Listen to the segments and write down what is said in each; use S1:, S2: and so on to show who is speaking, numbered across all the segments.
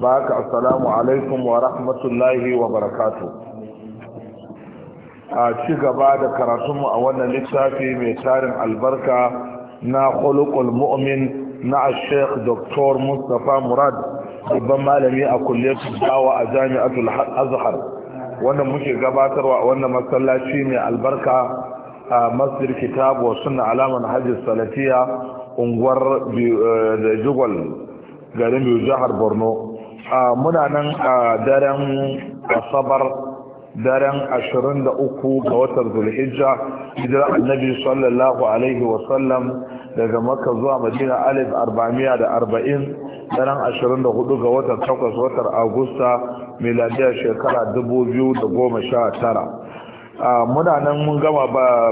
S1: baka assalamu alaikum wa rahmatullahi wa barakatu a ci gaba da karatunmu a wannan littafi mai tarin albarka na khuluqul mu'min na sheikh dr mustapha murad babban malami a kulliyar dawa a jami'atul azhar wanda muke gabatarwa a wannan masallaci mai albarka a masjid kitab wa sunna alaman hajji salatiya unguwar eh, da jigwal garin biyu jihar borno muna nan a daren asabar daren 23 ga watan zulhijja hijira annabi sallallahu alaihi wasallam daga maka zuwa madina alif 440 daren 24 ga watan 8 watan agusta miladiyar shekara 2019 muna nan mun gama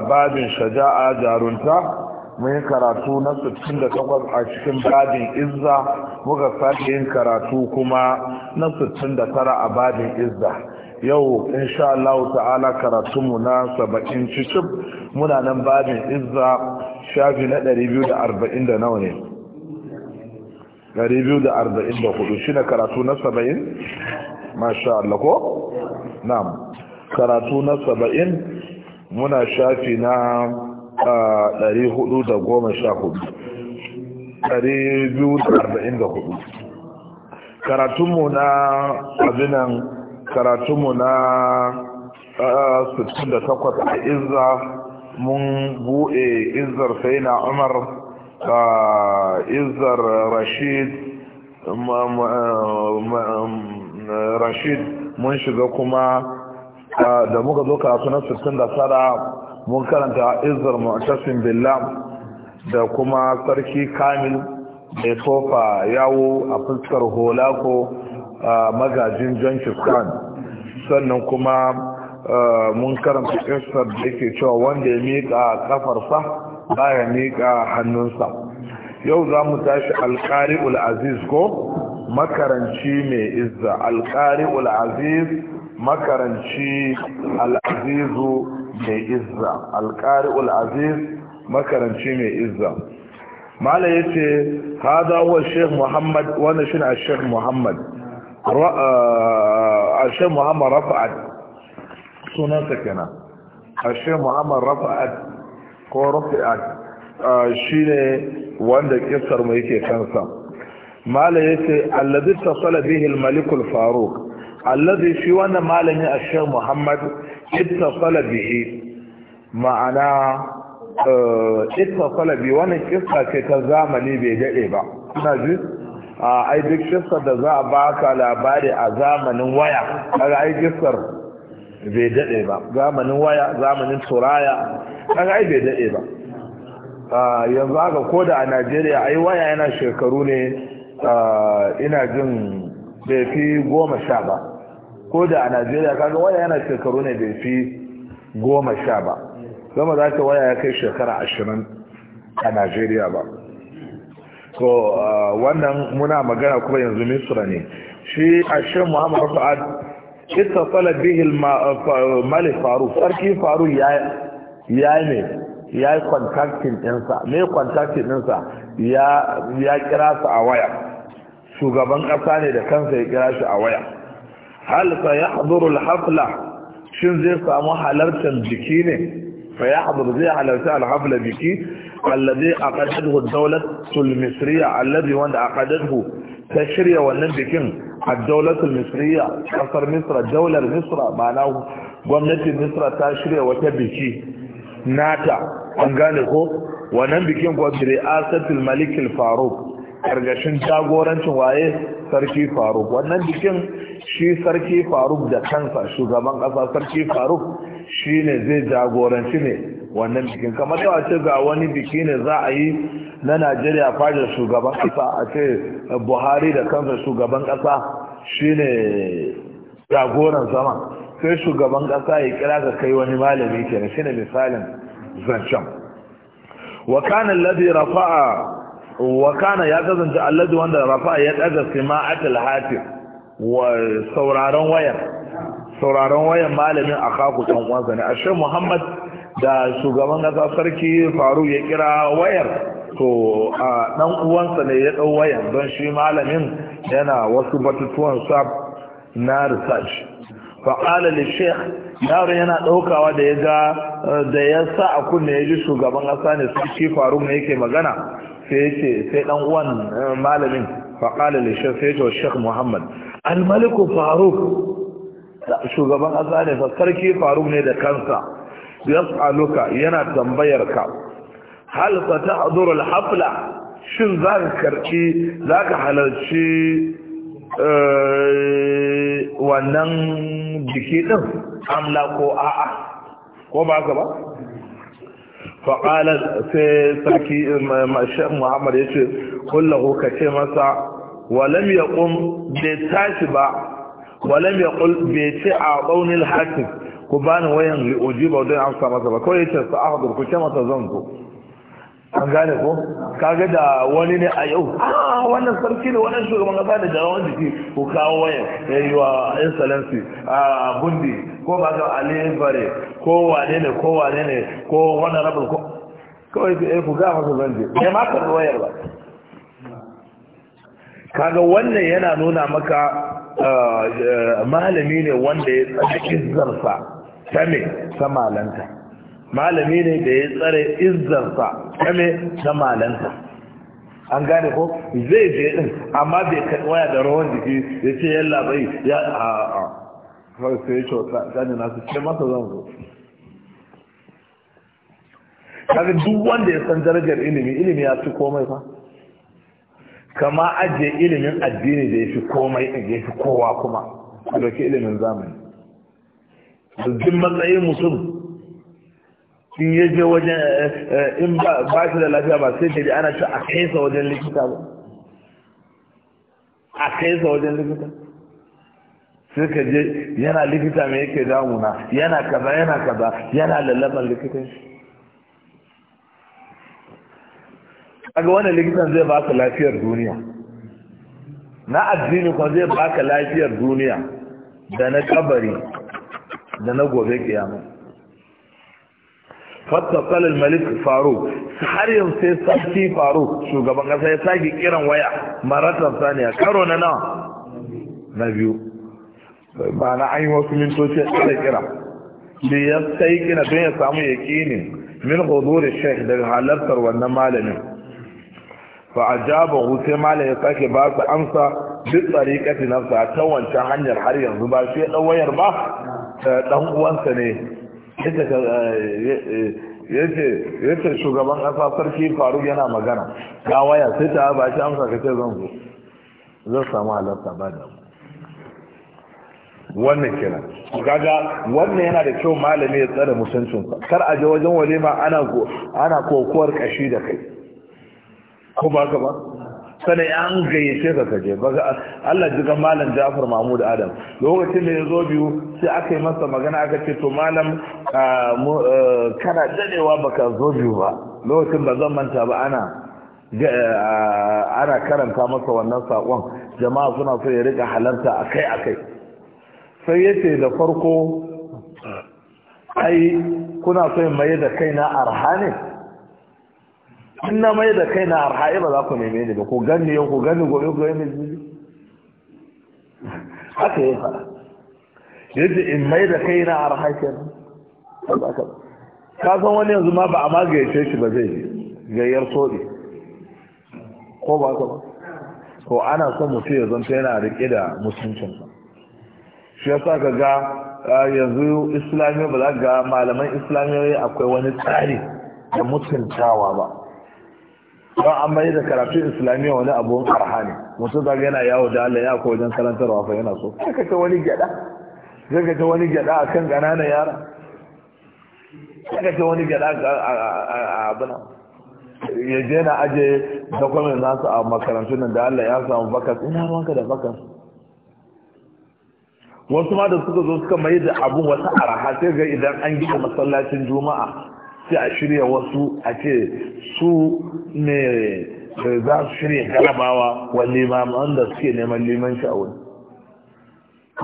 S1: babin shaja'a jarunta mun karatu na 68 a cikin babin izza muka sake yin karatu kuma na 69 a babin izza yau insha Allah ta'ala karatu mu na 70 cicib muna nan babin izza shafi na 240 da nawa ne 244 shine karatu na 70 masha Allah ko na'am karatu na 70 muna shafi na a 414 karatunmu na abinan karatunmu na 68 ah, a izza mun buɗe izzar sai na umar ah, izzar rashid mm, mm, mm, rashid mun shiga kuma ah, da muka zo karatu na 69 mun karanta izar mu'tasim billah da kuma sarki kamil da ya tofa yawo a fuskar hola ko magajin John sannan kuma mun karanta kisar da yake cewa wanda ya miƙa kafarsa baya miƙa hannunsa yau za mu tashi alƙari ul'aziz ko makaranci mai izza alƙari ul'aziz makaranci al'azizu mai izza alƙari'ul aziz makaranci mai izza mala ya ce hada wa sheikh muhammad wanda shi ne a sheikh muhammad a sheikh muhammad rafa'ad sunansa kenan a sheikh muhammad rafa'ad ko rafa'ad shi ne wanda kisar mu yake kansa mala ya ce allazi tasala bihi al-malikul faruq allazi shi wannan malami ash-shaykh muhammad ittasala bihi ma'ana eh, ittasala bi wannan kissa ce ta zamani bai dade ba kuna ji ai duk kissa da za a ba ka labari a zamanin waya kaga ai kissar bai dade ba zamanin waya zamanin turaya kaga ai bai dade ba yanzu haka ko da a Najeriya ai waya yana shekaru ne eh, ina jin bai fi goma sha ba ko da a najeriya kaga waya yana shekaru ne bai fi goma sha ba zama za ka waya ya kai shekara ashirin a najeriya ba so uh, wannan muna magana kuma yanzu misra ne shi ashe muhammadu fa'ad ita tsala bihil uh, mali faru sarki faru ya ne ya yi kwantaktin ɗinsa kwantaktin ɗinsa ya kira su a waya shugaban ƙasa ne da kansa ya kira shi a waya hal fa yahduru al shi zai samu halartar biki ne fa yahduru zai halarta al-hafla biki alladhi aqadathu ad-dawlatu al-misriyya alladhi wanda aqadathu ta shirya wannan bikin a dawlatu al-misriyya kasar misra daular misra ma'ana gwamnatin misra ta shirya wata biki nata an gane ko wannan bikin ko ri'asatul malik faruk faruq jagorancin waye sarki faruk wannan bikin shi sarki faruk da kansa shugaban kasa sarki faruk shi ne zai jagoranci ne wannan bikin kamar yawa ce ga wani biki ne za a yi na najeriya fajar shugaban kasa a ce buhari da kansa shugaban kasa shi ne jagoran zama sai shugaban kasa ya kira ga kai wani malami kenan shi ne misalin zancen wakanin ladi rafa'a wakana ya kazanta alladi wanda rafa'a ya ɗaga sima'atul hatim sauraron wayar sauraron wayar malamin a kaku ɗan uwansa ne ashe muhammad da shugaban ƙasa sarki faru ya kira wayar to a ɗan uwansa ne ya ɗau wayar don shi malamin yana wasu batutuwan sa na research faƙala da sheikh yaron yana ɗaukawa da ya ga da ya sa a kunne ya ji shugaban kasa ne sarki faru ne yake magana sai ce sai ɗan uwan eh, malamin faƙala da sheikh sai wa sheikh muhammad almaliku faruk shugaban ƙasa ne fa sarki faruk ne da kansa yas'aluka yana tambayar ka hal satahdur hafla, shin zaka za zaka halarci eh, wannan biki ɗin? amla ko a'a ko ba ka ba faƙalar sai sarki eh, mashin muhammad ya ce kullahu ka ce masa walam yaqum bai tashi ba walam yaqul bai ce a baunil hakim ku bani wayan li ba don amsa masa ba kawai yace sa ahdur ku ce masa zan zo an gane ko kaga da wani ne a yau ah wannan sarki ne wannan shugaban kasa da jarawan jiki ku kawo waya yayi wa excellency a bundi ko ba ga ali bare ko wane ne ko wane ne ko wannan rabul ko kawai eh, ku ga masa zan je ne ma karɓi wayar ba kaga wannan yana nuna maka uh, uh, malami ne wanda ya tsare izzarsa ta me ta malanta malami ne da ya tsare izzarsa ta me ta malanta an gane ko zai je din amma bai kai waya da rawan jiki ya ce yalla bai ya a a kawai sai ya ce wata gane nasu ce masa zan zo kaga duk wanda ya san darajar ilimi ilimi ya ci komai fa kama ajiye ilimin addini da ya fi komai ya fi kowa kuma a dauki ilimin zamani duk matsayin mutum in ya je wajen eh, in ba shi da lafiya ba sai da ana ci a kaisa wajen likita ba a kaisa wajen likita sai ka je yana likita mai yake damuna yana kaza yana kaza yana lallaban likitan shi kaga wannan likitan zai baka lafiyar duniya na addini kuma zai baka lafiyar duniya da na kabari da na gobe kiyama fattakal malik faruk har yanzu sai sarki faruk shugaban kasa ya sake kiran waya maratan saniya karo na nawa na biyu ba na an yi wasu mintoci da kira da ya sai kina don ya samu yakinin min hudurin sheikh daga halartar wannan malamin fa hu sai malam ya sake ba su amsa duk tsariƙati na sa ta wancan hanyar har yanzu ba sai ɗan wayar ba ɗan uwansa ne yace eh, eh, yace shugaban kasa sarki faru yana magana ga waya sai ta ba shi amsa ka zan zo zan samu halarta ba da wannan kenan gaga wannan yana da kyau malami ya tsare mutuncinsa kar a je wajen walima ana ana kokuwar kashi da kai ko ba ka ba sanai an gayyace ka kaje ba Allah ji ga malam Jafar Mahmud Adam lokacin da yazo biyu sai aka yi masa magana aka ce to malam kana danewa baka zo biyu ba lokacin ba zan manta ba ana ana karanta masa wannan sakon jama'a suna so ya rika halarta akai akai sai yace da farko ai kuna so mai da kaina arha ne kun na mai da kai na arha'i ba za ku neme ni ba ku ganni yau ku ganni gobe ku mai jibi haka yi faɗa yadda in mai da kai na arha'i ke ka san wani yanzu ma ba a magayace shi ba zai gayyar soɗi ko ba ka ba ko ana son mutum ya zanta yana riƙe da ba shi ya sa ka ga yanzu islamiyya ba za ga malaman islamiyoyi akwai wani tsari da mutuntawa ba don an mai da karatun islamiyya wani abu arha ne mutum zaga yana yawo da Allah ya ko wajen karantarwa fa yana so ka ta wani gyada zai wani gyada a kan ƙananan yara zai ta wani gyada a abina ya je na aje za nasu a makarantun nan da Allah ya samu bakas ina ruwanka da bakas wasu ma da suka zo suka mai da abun wata arha sai ga idan an gina masallacin juma'a sai a shirya wasu a ce su ne eh, za su shirya galabawa wa limaman da suke neman liman a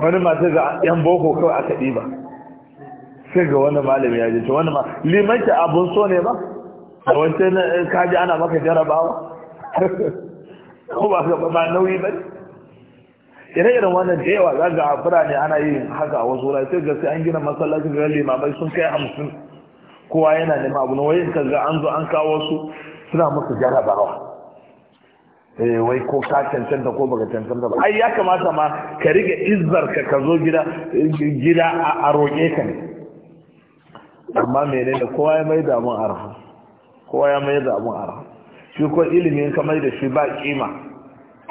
S1: wani ma sai ga yan boko kawai aka ɗiba sai ga wani malami ya jinta wani ma limanci abun so ne ba a wancan eh, kaji ana maka jarabawa ko ba ga ba nauyi ba ire irin wannan da yawa za ga birane ana yi haka a wasu wurare sai ga sai an gina masallaci ga limamai sun kai hamsin kowa yana nema abu na wayin kaga an zo an kawo su suna musu jarabawa eh wai ko ka cancanta ko baka cancanta ba ai ya kamata ma ka rige izzar ka ka zo gida gida a roƙe ka ne amma menene kowa ya mai da mun arha kowa ya mai da mun arha shi ko ilimin ka mai da shi ba kima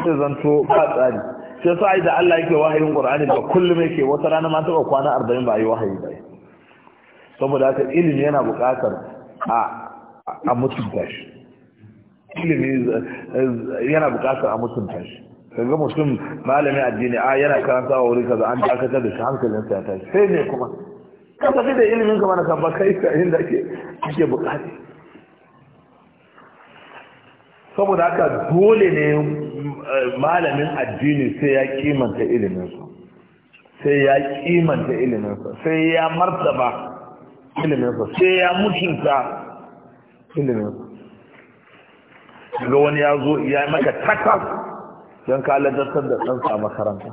S1: sai zanto ba tsari sai sai da Allah yake wahayin Qur'ani ba kullum yake wata rana ma ta kwana 40 ba yi wahayi ba saboda haka ilimi yana buƙatar a mutunta shi ilimi yana buƙatar a mutunta shi kaga mutum malamin addini a yana karanta a wuri kaza an dakatar da shi hankalinsa ya tashi sai ne kuma ka tafi da ilimin ka mana kamba kai ka inda ake ake buƙata saboda haka dole ne eh, malamin addini sai ya kimanta iliminsa sai ya kimanta iliminsa sai ya martaba iliminsa sai ya mutunta iliminsa daga wani ya zo ya maka takas don ka aladartar da ɗansa a makaranta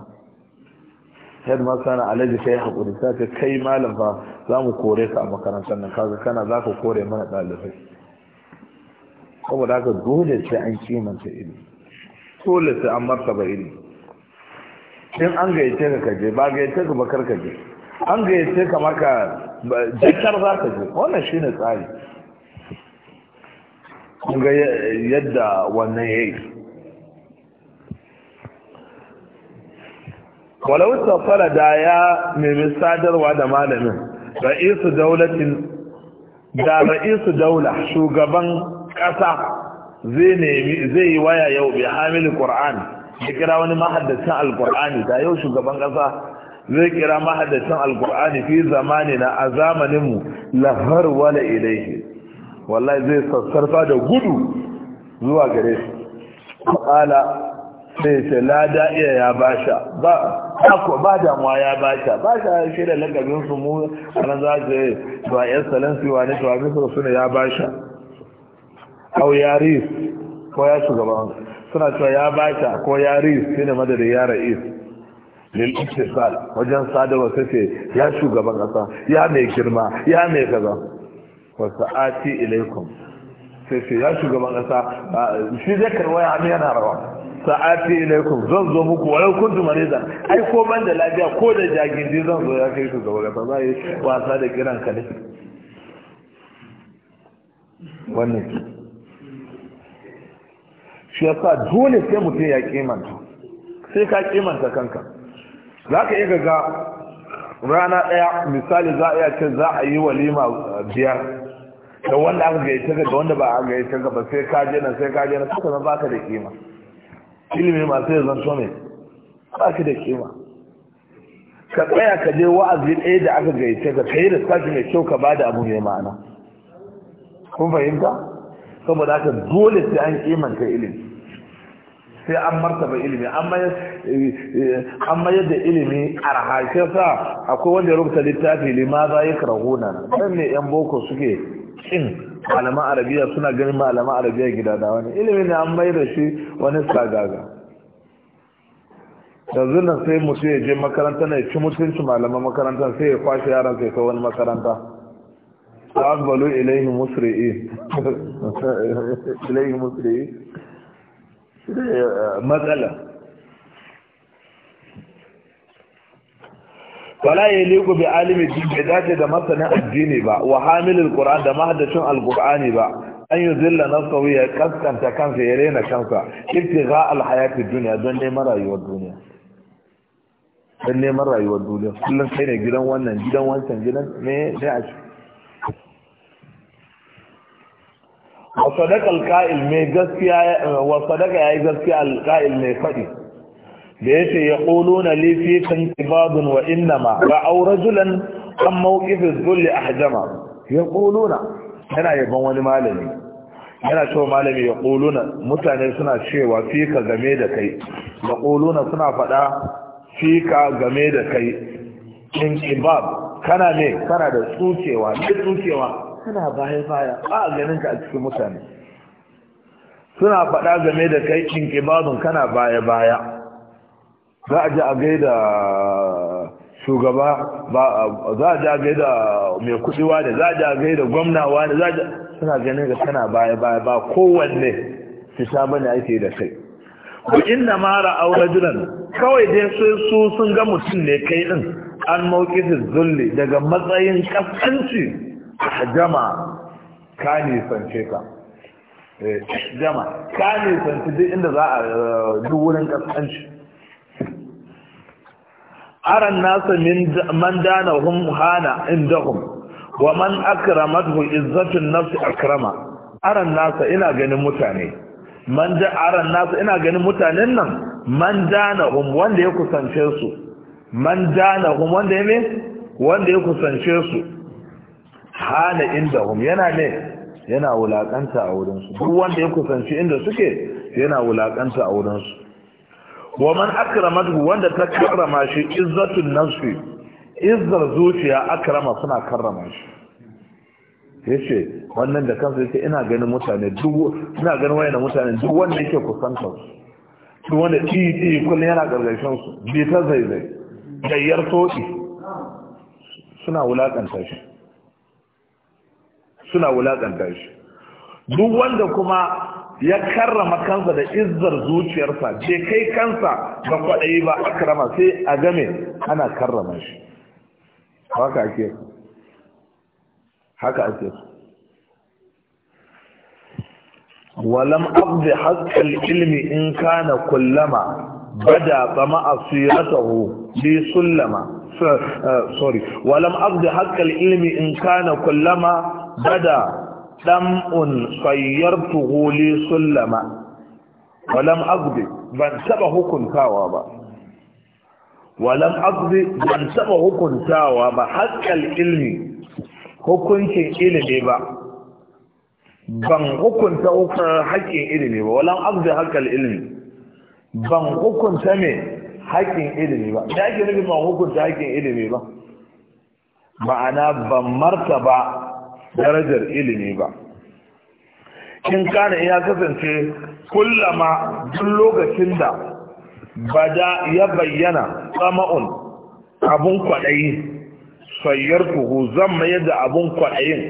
S1: yadda ma sana alaji ya haƙuri ta ce kai malam fa za mu kore ka a makarantar nan kaga kana za ka kore mana ɗalibai saboda haka dole sai an kimanta ilimi dole sai an martaba ilimi in an gayyace ka kaje ba gayyace ka bakar kaje an gayyace ka maka jakar za ka je wannan shi ne tsari ga yadda wannan ya yi walau safara da ya nemi sadarwa da malamin ra'isu daulatin da ra'isu daula shugaban ƙasa zai yi waya yau bi hamilin qur'ani ya kira wani mahaddacin alqur'ani da yau shugaban ƙasa zai kira mahadacin alkur'ani fi zamani na a zamaninmu lahar wala ilaihi wallahi zai sassarfa da gudu zuwa gare shi ƙala sai ce lada iya ya basha ba ko ba damuwa ya basha basha shi da lagabinsu su mu Wani za su yi zuwa yan salon su wani to su suna ya basha au ya ris ko ya shugaban suna cewa ya basha ko ya ris ne madadin ya ra'is lil ittisal wajen sadarwa kace ya shugaban kasa ya mai girma ya mai kaza wa sa'ati ilaikum sai sai ya shugaban kasa shi zai karwa ya hannu yana rawa sa'ati ilaikum zan zo muku wa kuntu maridan ai ko ban da lafiya ko da jagindi zan zo ya kai shugaban kasa za yi wasa da kiran ka ne wannan shi yasa dole sai mutum ya kimanta sai ka kimanta kanka za ka iya ga rana ɗaya misali za a iya ce za a yi walima biyar da wanda aka gaita ga da wanda ba a gaita ga ba sai ka je nan sai ka je nan suka zan baka da kima ilimi masu zan zanto ba ka da kima ka tsaya ka je wa'azi ɗaya da aka gaita ga ka yi da sashi mai kyau ka ba da abu mai ma'ana kun fahimta saboda haka dole sai an kimanta ilimi sai an martaba ilimi an mayar eh, da ilimi arha shi sa akwai wanda ya rubuta littafi limaza ya karahuna ɗan ne yan boko suke kin malaman arabiya suna ganin malaman arabiya gida da wani ilimi ne an mayar da shi wani sagaga yanzu nan sai musu ya je makaranta ya ci mutunci malaman makaranta sai ya kwashe yaran sai ka wani makaranta ta agbalu ilayhi musri'i matsala wala ya liku bi alimi din bai dace da masanin addini ba wa hamilul qur'an da mahaddacin alqur'ani ba an na nafsahu ya kaskanta kansa ya rena kansa ibtigha alhayati dunya don neman rayuwar duniya don neman rayuwar duniya kullum sai ne gidan wannan gidan wancan gidan me dai a wa sadaka alqa'il mai gaskiya wa sadaka yayi gaskiya alqa'il mai fadi da yace yaquluna li fi kanqibadun wa innama ra'aw rajulan an mawqif az-zull ahjama yaquluna yana yaban wani malami yana cewa malami yaquluna mutane suna cewa "Fika game da kai yaquluna suna fada "Fika game da kai in kana ne kana da tsukewa ne tsukewa suna baya baya ba a ganin ka a cikin mutane suna faɗa game da kai inkibadun kana baya baya za a ji a gaida shugaba za a ji a gaida mai kuɗiwa ne za a ji a gaida gwamnawa ne za a ji suna ganin ka kana baya baya ba kowanne sha bane ake da kai ko inda mara aure jiran kawai dai sai su sun ga mutum ne kai din an mawqifin zulli daga matsayin kaskanci jama ka nisance ka eh, jama ka nisance duk inda za a eh, duk wurin kasance aran nasa man dana hum hana indahum wa man akramathu izzatun nafsi akrama aran nasa ina ganin mutane man da aran nasa ina ganin mutanen nan man dana hum wanda ya kusance su man dana hum wanda ya ne wanda ya kusance su hana inda hum yana ne yana wulakanta a wurinsu duk wanda ya kusanci inda suke yana wulakanta a wurinsu wa man akramatu wanda ta karrama shi izzatun nafsi izzar zuciya akrama suna karrama shi yace wannan da kansa yake ina ganin mutane duk ina ganin wayannan mutane duk wanda yake kusanta su duk wanda ti ti yana gargashin su bi ta zaizai gayyar toki suna wulakanta shi suna wulakanta shi duk wanda kuma ya karrama kansa da izzar zuciyarsa ce kai kansa ga kwaɗayi ba akrama sai a game ana karrama shi haka ake haka ake walam abdi haqqal ilmi in kana kullama bada tsama asiratahu li sullama eh, sorry walam abdi haqqal ilmi in kana kullama bada ɗan'un tsayyar sun sullama walam agbe ban taɓa hukuntawa ba walam agbe ban taɓa hukuntawa ba haskal ilmi hukuncin ilimi ba ban hukunta hukar haƙƙin ilimi ba walam agbe haskal ilmi ban hukunta mai haƙƙin ilimi ba da ake nufin ban hukunta haƙƙin ilimi ba ma'ana ban martaba darajar ilimi ba kin kana ya kasance kullama duk lokacin da bada ya bayyana tsama'un abun kwaɗayi kuhu zan mayar da abun kwaɗayin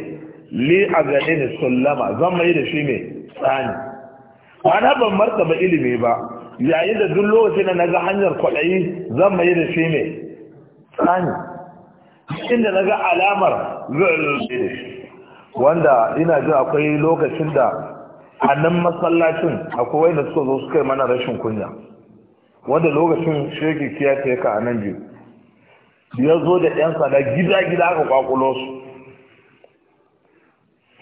S1: li a gane ni sullama zan mayar da shi mai tsani ana ban martaba ilimi ba yayin da duk lokacin da na ga hanyar kwaɗayi zan mayar da shi mai tsani inda na ga alamar zai da shi wanda ina jin akwai lokacin da a nan masallacin akwai wanda suka zo suka yi mana rashin kunya wanda lokacin shege kiya ta yaka a nan biyu ya zo da yan da gida-gida aka kwakulo su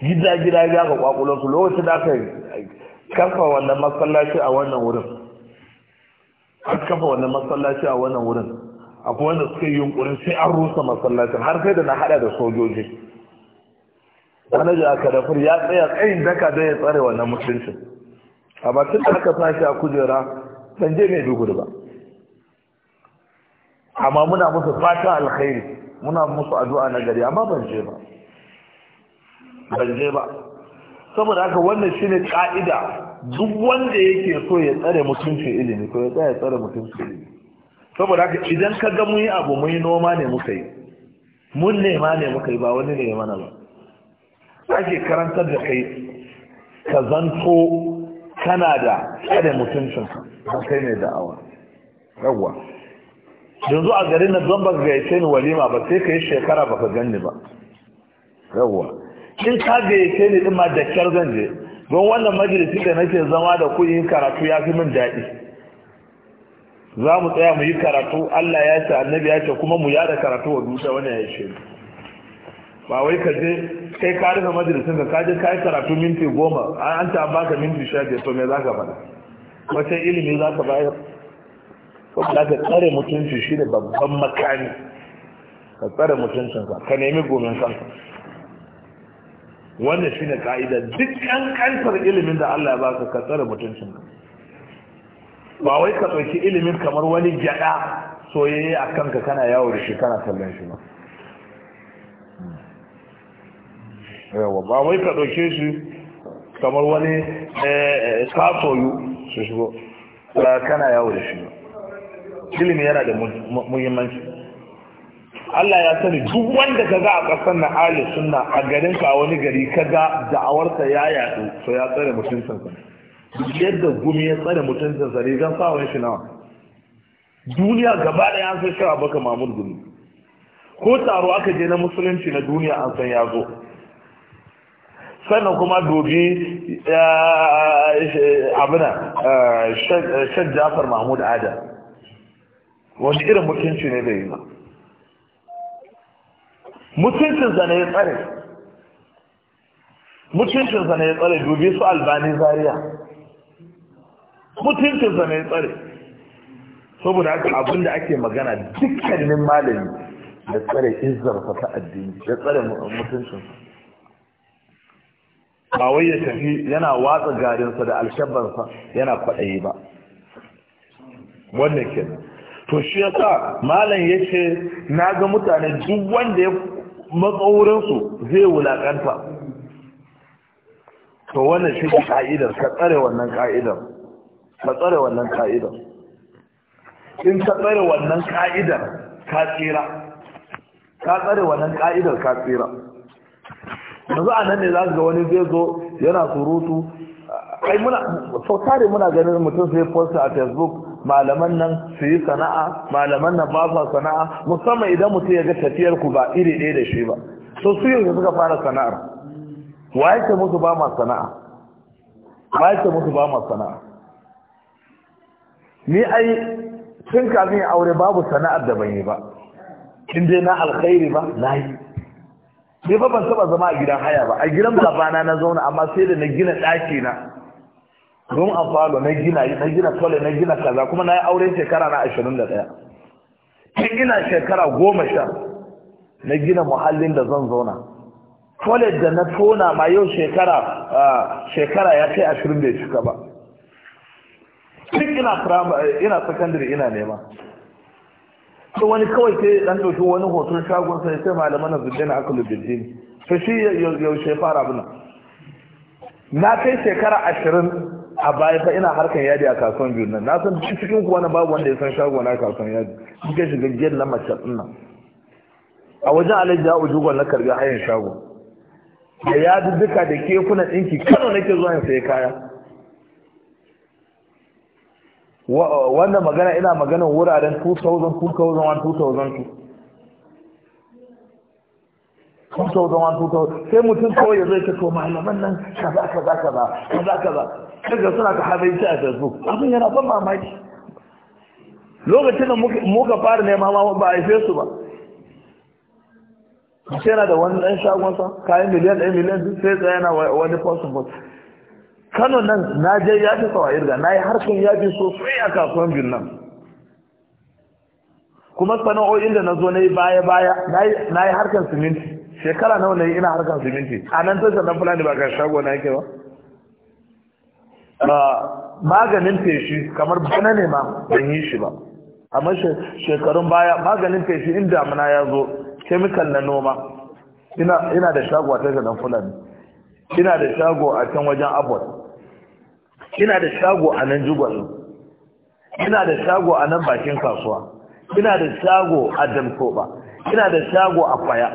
S1: gida-gida ga kwakulo su lokacin da aka kafa wannan masallaci a wannan wurin an kafa wannan masallaci a wannan wurin akwai wanda suka yi yunkurin sai an rusa masallacin har sai da na hada da sojoji Wani sanaji aka kadafur ya tsaya tsayin daka don ya tsare wannan musulunci amma tun da aka sashi a kujera ban je mai duguri ba amma muna musu fata alkhairi muna musu addu'a na gari amma ban je ba ban je ba saboda haka wannan shine ka'ida duk wanda yake so ya tsare mutuncin ilimi ko ya tsaya tsare mutuncin ilimi saboda haka idan ka ga mun yi abu mun yi noma ne muka yi mun nema ne muka yi ba wani ne ya mana ba ake karantar da kai ka zanto kana da kada mutuncin ba kai ne da'awa yawwa yanzu a garin na don baka gayyace ni walima ba sai ka yi shekara ka ganni ba yawwa in ka gayyace ni in ma da kyar zan don wannan majalisi da nake zama da ku yin karatu ya fi min daɗi za mu tsaya mu yi karatu Allah ya ce annabi ya ce kuma mu yada karatu wa dusha wani ya yi shi ba wai ka je kai ka rufe majalisin ka je kai karatu minti goma an ta baka minti sha biyar to me za ka faɗa wace ilimi za ka bayar ko za ka tsare mutunci shi ne babban makami ka tsare mutuncinka ka nemi gomin kanka wannan shi ne ka'ida duk kankantar ilimin da Allah ya baka ka tsare mutuncinka ba wai ka ɗauki ilimin kamar wani gyaɗa soyayya a kanka kana yawo da shi kana kallon shi ba yawa ba wai ka ɗauke shi kamar wani eh, eh, kasoyu su shigo kana yawo da shi ilimi yana da muhimmanci Allah ya sani duk wanda ka ga a ƙasar na ahli sunna a garin ka wani gari ka ga da'awarsa ya yaɗu to ya tsare mutuncinsa duk yadda gumi ya tsare mutuncinsa rigan sawon shi nawa duniya gaba ɗaya an san shi baka mamur gumi ko taro aka je na musulunci na duniya an san ya zo sannan kuma Dobi abuna shan jafar mahmud adam wani irin mutunci ne bai yi ba mutuncin zane ya tsare mutuncin zane ya tsare dubi su albani zariya mutuncin zane ya tsare saboda haka abinda ake magana dukkanin malami da tsare izarsa ta addini da tsare mutuncinsa ba wai ya tafi yana watsa garinsa da alshabbansa yana kwaɗayi ba wannan kenan to shi yasa malam yace na ga mutane duk wanda ya matsaurinsu zai wulakanta to wannan shi ne ka'idar ka tsare wannan ka'idar ka tsare wannan ka'idar in ka tsare wannan ka'idar ka tsira ka tsare wannan ka'idar ka tsira yanzu a nan ne za ga wani zai zo yana surutu ai muna sau tare muna ganin mutum sai posta a facebook malaman nan su yi sana'a malaman nan ba sa sana'a musamman idan mutum ya ga tafiyar ku ba iri ɗaya da shi ba so su yi suka fara sana'ar wa yake musu ba ma sana'a wa yake musu ba ma sana'a ni ai tun kafin aure babu sana'ar da ban yi ba Kin dai na alkhairi ba na yi sai fa ban taba zama a gidan haya ba a gidan babana na zauna amma sai da na gina ɗaki na don a falo na gina na gina kwale na gina kaza kuma na yi auren shekara na ashirin da ɗaya in ina shekara goma sha na gina muhallin da zan zauna kwale da na tona ma yau shekara shekara ya kai ashirin da ya cika ba tun ina ina sakandare ina nema to wani kawai ke dan dauki wani hoton shagon sai sai malaman na zuddina aka lubbin to shi yaushe fara abin na kai shekara ashirin a baya fa ina harkan yadi a kasuwan biyu nan na san cikin kuwa na babu wanda ya san shago na kasuwan yadi suke shiga giyar na mace nan a wajen alaji ya ujugo na karbi hayan shago da yadi duka da kekuna dinki, kano nake zuwa in sai kaya wannan magana ina magana wuraren 2000 2001 2002 2001 sai mutum kawai zai ka to malaman nan kaza kaza kaza kaza kaga suna ka habaiti a facebook abin yana ban mamaki lokacin da muka fara nema ma ba a haife su ba sai yana da wani ɗan shagonsa kayan miliyan ɗaya miliyan sai tsaye na wani fosun kano nan na je ya fi tsawayar na yi harkar ya fi sosai a kasuwan bin nan kuma sana'o'in da na zo na yi baya-baya na yi harkar siminti shekara nawa na yi ina harkar siminti a nan tashar na fulani ba ga shago na yake ba ah, maganin feshi kamar bana ne ma ban yi shi ba amma shekarun baya maganin feshi in damuna ya zo kemikal na noma ina da shago a tashar na fulani ina da shago a can wajen abuwa kina da shago a nan jugwal kina da shago a nan bakin kasuwa kina da shago a dalkoba kina da shago a kwaya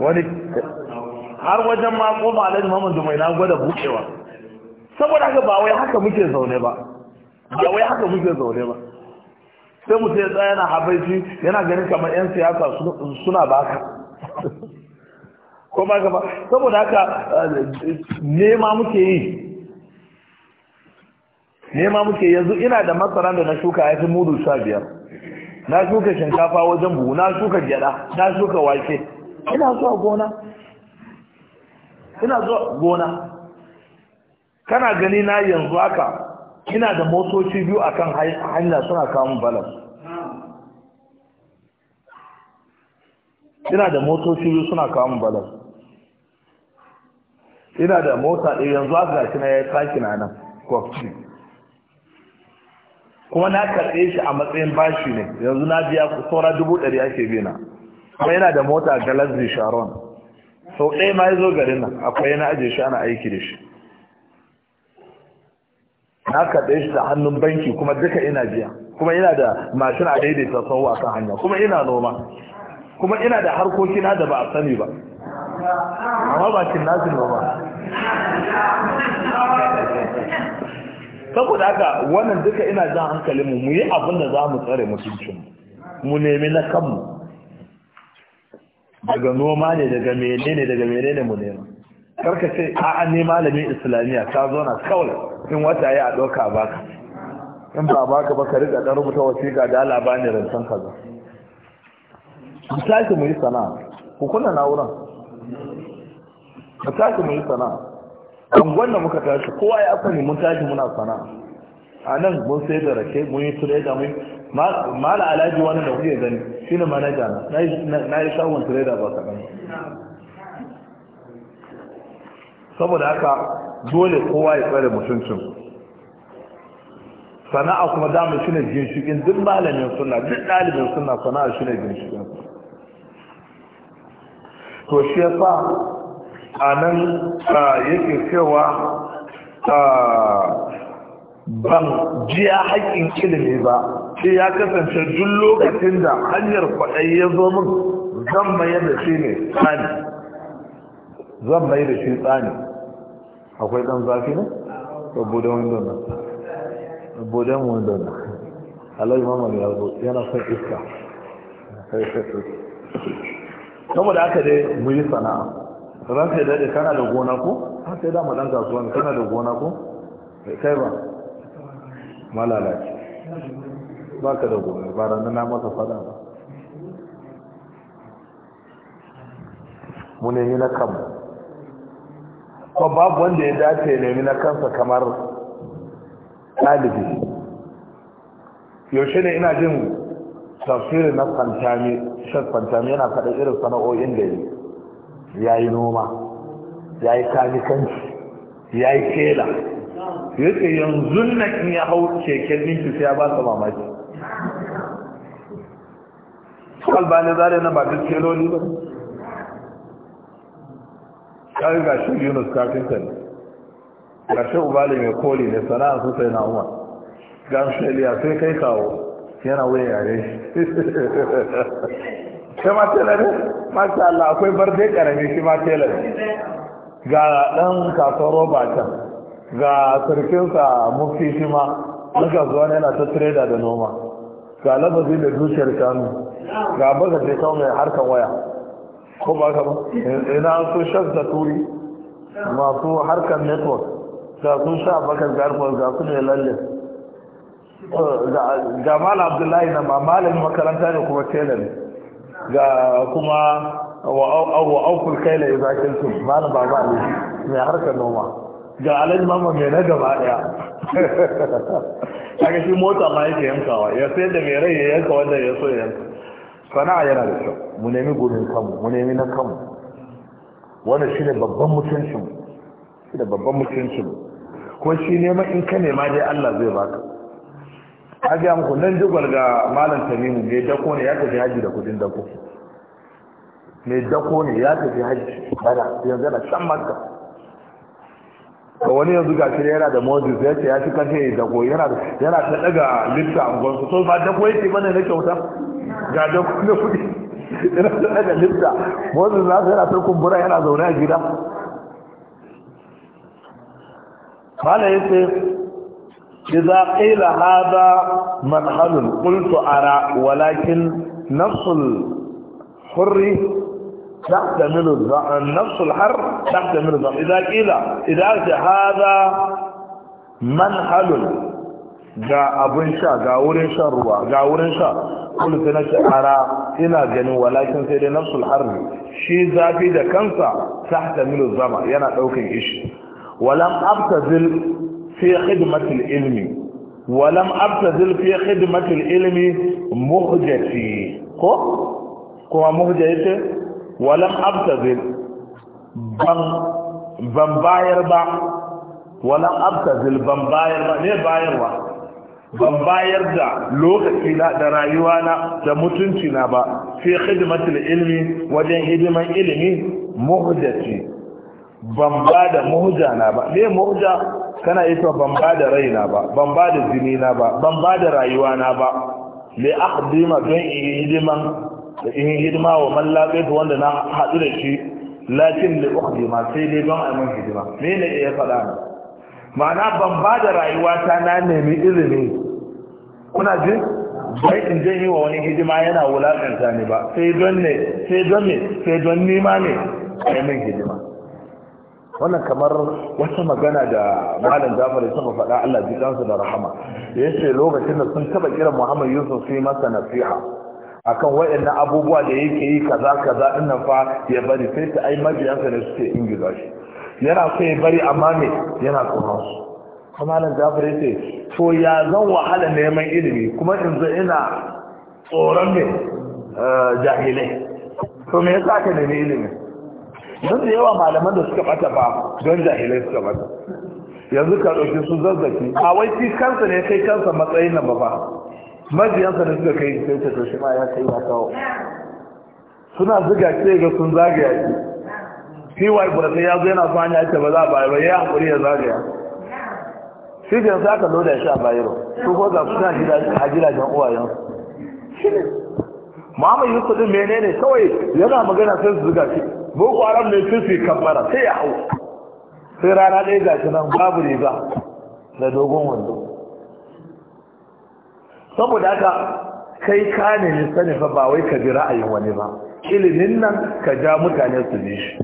S1: wani har wajen ma koma alhaji mamman mai na gwada bukewa saboda haka ba wai haka muke zaune ba ba wai haka muke zaune ba sai mutum ya tsaya yana habaici yana ganin kamar 'yan siyasa suna ba ka. ko ba gaba saboda haka nema muke yi nema muke yanzu ina da masara da na shuka ya fi mudu sha biyar na shuka shinkafa wajen buhu na shuka gyada na shuka wake ina zuwa gona ina zuwa gona kana gani na yanzu haka ina da motoci biyu akan hanya suna kamun balas ina da motoci biyu suna kawo min balas ina da mota ɗaya yanzu a gashi na ya saki na nan kwafi kuma na karɓe shi a matsayin bashi ne yanzu na biya saura dubu ɗari ake bina kuma yana da mota a galazzi sharon sau ɗaya ma ya zo garin nan akwai yana ajiye shi ana aiki da shi na karɓe shi da hannun banki kuma duka ina biya kuma ina da mashin a daidaita sau a kan hanya kuma ina noma kuma ina da harkokina da ba a sani ba
S2: amma bakin nasu
S1: noma saboda haka wannan duka ina jan hankalinmu mu yi abin da za mu tsare mutuncinmu mu nemi na kanmu daga noma ne daga menene daga menene mu nema karka ce a an ne malamin islamiyya ka zo na kawai in wata ya ɗauka baka in ba baka ba ka riƙa ɗan rubuta wasiƙa da labarin rancen kaza misali mu yi sana'a ku kunna na'uran ka tashi mu yi sana'a angon muka tashi kowa ya sani mun tashi muna sana'a a nan mun sai da rake mun yi trader mun mala alaji wani da kuke gani shi ne manaja na na yi shagon trader ba kaɗan saboda haka dole kowa ya tsare mutuncin sana'a kuma dama shi ne ginshikin duk malamin suna duk ɗalibin suna sana'a shi ne ginshikin to shi ya sa a nan yake cewa ban jiya haƙƙin ilimi ba sai ya kasance duk lokacin da hanyar kwaɗayi ya zo min zan mayar da shi ne tsani zan mayar da shi tsani akwai ɗan zafi ne? buɗe wani dona buɗe wani dona alai mamar ya zo yana son iska saboda aka dai mu yi sana'a ranka da ka kana da gona ko haka ya dama ɗan kasuwa ne kana da gona ko kai ba malalaci ba ka da gona ba ranar na masa fada ba mu nemi na kam ko babu wanda ya dace nemi na kansa kamar ɗalibi yaushe ne ina jin tafsirin na fantami shan fantami yana faɗa irin sana'o'in da yi ya yi noma ya yi kanikanci ya yi kela ya ce yanzu nan in ya hau keken ninki sai ya ba su mamaki su albani zare na ba celoli ba kawai ga shi yunus kafinta ne ga shi ubali mai koli ne sana'a su sai na umar Gan shi sai kai kawo yana wuya yare sai ma ne masha Allah akwai dai karami shi ma ne ga dan kasuwar roba can ga sarkinsa mufti shi ma daga zuwa ne yana ta trader da noma ga lafazi da dukiyar shanu ga baka ce kawo mai harkar waya ko ba ka ba ina su shan da turi masu harkar network ga sun sha bakar garfon ga su ne lalle ga malam abdullahi na ma malamin makaranta ne kuma tailor ne ga kuma wa aukul kaila idza kuntum malam ba ne mai harkar noma ga alaji mama mai na gaba daya kaga shi mota ma yake yankawa ya sai da mai rai ya yanka wanda ya so ya yanka sana'a yana da kyau mu nemi gurin kanmu mu nemi na kanmu wannan shine babban mutuncin shine babban mutuncin ko shi neman in ka nema dai Allah zai baka a ga muku nan jigwar ga malam tamimu mai dako ne ya tafi haji da kudin dako mai dako ne ya tafi haji bana yanzu na can maka? ga wani yanzu ga shi yana da moses ya ce ya fi kanta ya dako yana ta daga lifta a gwansu to ba dako yake mana na kyauta ga dako na kudi yana ta daga lifta moses na yana ta kumbura yana zaune a gida malam ya ce إذا قيل هذا مدخل قلت أرى ولكن نفس الحر تحتمل الظن نفس الحر تحتمل الظن إذا قيل إذا أتى هذا منحل جاء أبو إنشاء جاء ورن شاء روا جاء ورن شاء قلت نشاء أرى إلى جنو ولكن سيد نفس الحر شي زابي دا كنسا تحتمل الظن ينا أوكي إيش ولم أبتزل fi khidmatil ilmi walam abtazil fi khidmatil ilmi muhjati ko kuma muhjati walam abtazil ban bayar ban bayar da lokaci na da rayuwa na da mutunci na ba fi khidmatil ilmi wajen hidiman ilimi muhjati ban ba da muhja na ba me muhja kana ita ban ba da raina ba ban ba da jini na ba ban ba da rayuwa na ba le akhdima don in hidiman in hidima wa man ta wanda na hadu da shi lakin le akhdima sai dai don a mun hidima me ne ya faɗa na ma'ana ban ba da rayuwa ta na nemi izini kuna ji bai in je yi wa wani hidima yana wulakanta ne ba sai don ne sai don ne sai don nima ne a yi min hidima wannan kamar wata magana da malam jafar ya saba faɗa Allah ji kansu da rahama Da ya ce lokacin da sun taba kiran Muhammad Yusuf sai masa nasiha akan waɗannan abubuwa da yake yi kaza kaza dinnan fa ya bari sai ta ai majiyansa ne suke ingiza shi yana so ya bari amma me yana tsoron su kuma nan jafar ya ce to ya zan wahala neman ilimi kuma in zo ina tsoron ne eh, jahilai to me yasa ka nemi ilimi don da yawa malaman da suka bata ba don jahilai suka bata yanzu ka ɗauki su zazzaki a wai shi kansa ne kai kansa matsayin nan ba ba majiyansa da suka kai sai ta toshe ma ya kai ya kawo suna zuga ce ga sun zagaya ce fi wai sai ya zo yana son hanya ce ba za a bayar ba ya hankuri ya zagaya shi da yanzu ka loda shi a bayero su ko su suna a gidajen uwayensu Muhammad Yusuf din menene kawai yana magana sai su zuga shi boko haram ne sai fi sai ya hau sai rana ɗaya ga shi nan babu riga da dogon wando saboda haka kai ka ne sani fa ba wai ka ji ra'ayin wani ba ilimin nan ka ja mutane su ji shi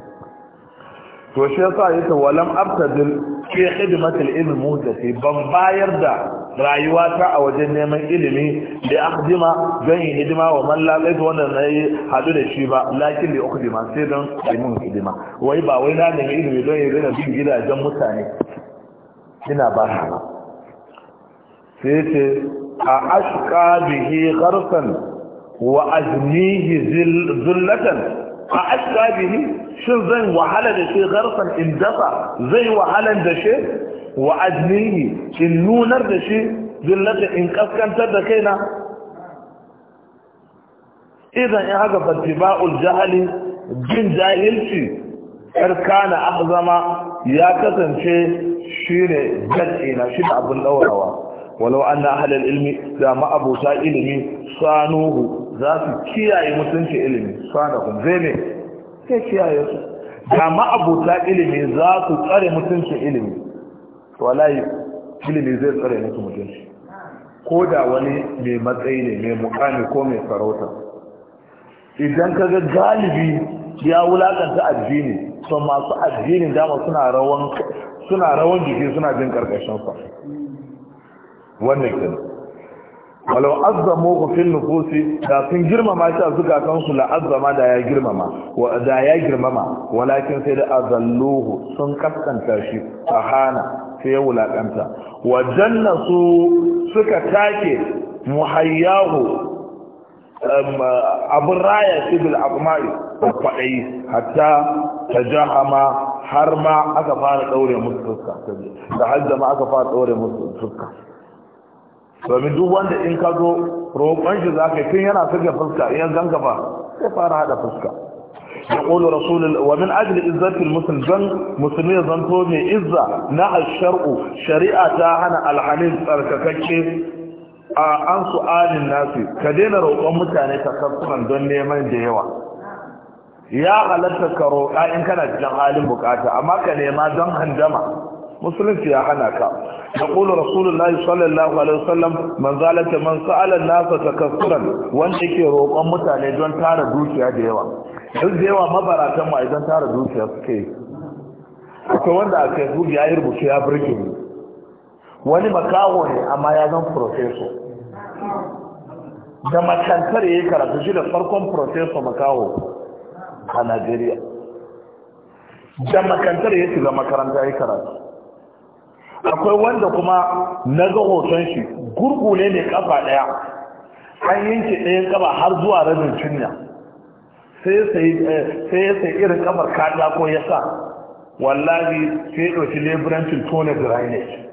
S1: to shi yasa yake walam abtadil fi khidmatil ilm ban bayar da rayuwa ta a wajen neman ilimi da akhdima dan yi hidima wa man la wanda na yi hadu da shi ba lakin da ukhdima sai dan mun hidima wai ba wai na nemi ilimi don yi rena bin gidajen mutane ina ba ba sai ce a ashqa bihi gharsan wa zillatan. فحتى به شو زي وحالا ده شيء غرصا اندفع زي وحالا ده شيء وعدنيه شنو نرد شيء ذي اللذي انقف كان تبدا كينا اذا ايه هذا فاتباع الجهل جن جاهلتي اركان اعظم يا كثم شيء شير جلعنا شير عبد الله ولو ان اهل العلم لا ما ابو سائلني صانوه za su kiyaye mutunci ilimi sanakun zai ne sai kiyaye su ga ma'abuta ilimi za su tsare mutunci ilimi Walayi ilimi zai tsare musu mutunci ko da wani mai matsayi ne mai mukami ko mai sarauta idan ka ga galibi ya wulakanta addini to masu addinin dama suna rawan suna rawan jiki suna jin karkashin sa wannan kenan walau azzamu ku fil nufusi da sun girmama shi a zukatansu la azzama da ya girmama wa da ya girmama walakin sai da azalluhu sun kaskanta shi fahana sai ya wulakanta wa jannasu suka take muhayyahu um, abin raya shi bil aqma'i da kwadai hatta ta tajahama har ma aka fara ɗaure musu fuska da har ma aka fara ɗaure musu fuska domin duk wanda in ka zo roƙon shi za ka yi tun yana sirga fuska in yanzu gaba sai fara haɗa fuska ya ƙolo rasulun wa min ajli izzatil musul zan musulmi zanto mai izza na ashar'u shari'a ta hana alhanin tsarkakakke a an su'alin nasi ka daina roƙon mutane ta kasuwan don neman da yawa ya halatta ka roƙa in kana cikin halin bukata amma ka nema don handama musulunci ya hana ka يقول kula الله صلى الله عليه وسلم من ذلك من سأل الناس تكثرا wanda ke roƙon mutane don tara dukiya da yawa duk da yawa mabaratan ma idan tara dukiya suke akwai wanda aka yi gudu ya yi rubutu ya birge ni wani makaho ne amma ya zan profeso da makantar ya yi karatu shi da farkon profeso makaho a najeriya da makantar ya shiga makaranta ya yi karatu akwai wanda kuma na ga hoton shi gurgu ne mai kafa daya an yanke ɗayan kafa har zuwa rabin cinya sai ya eh, sai irin kafar kaɗa ko ya sa wallahi sai ɗauki leburancin tone drainage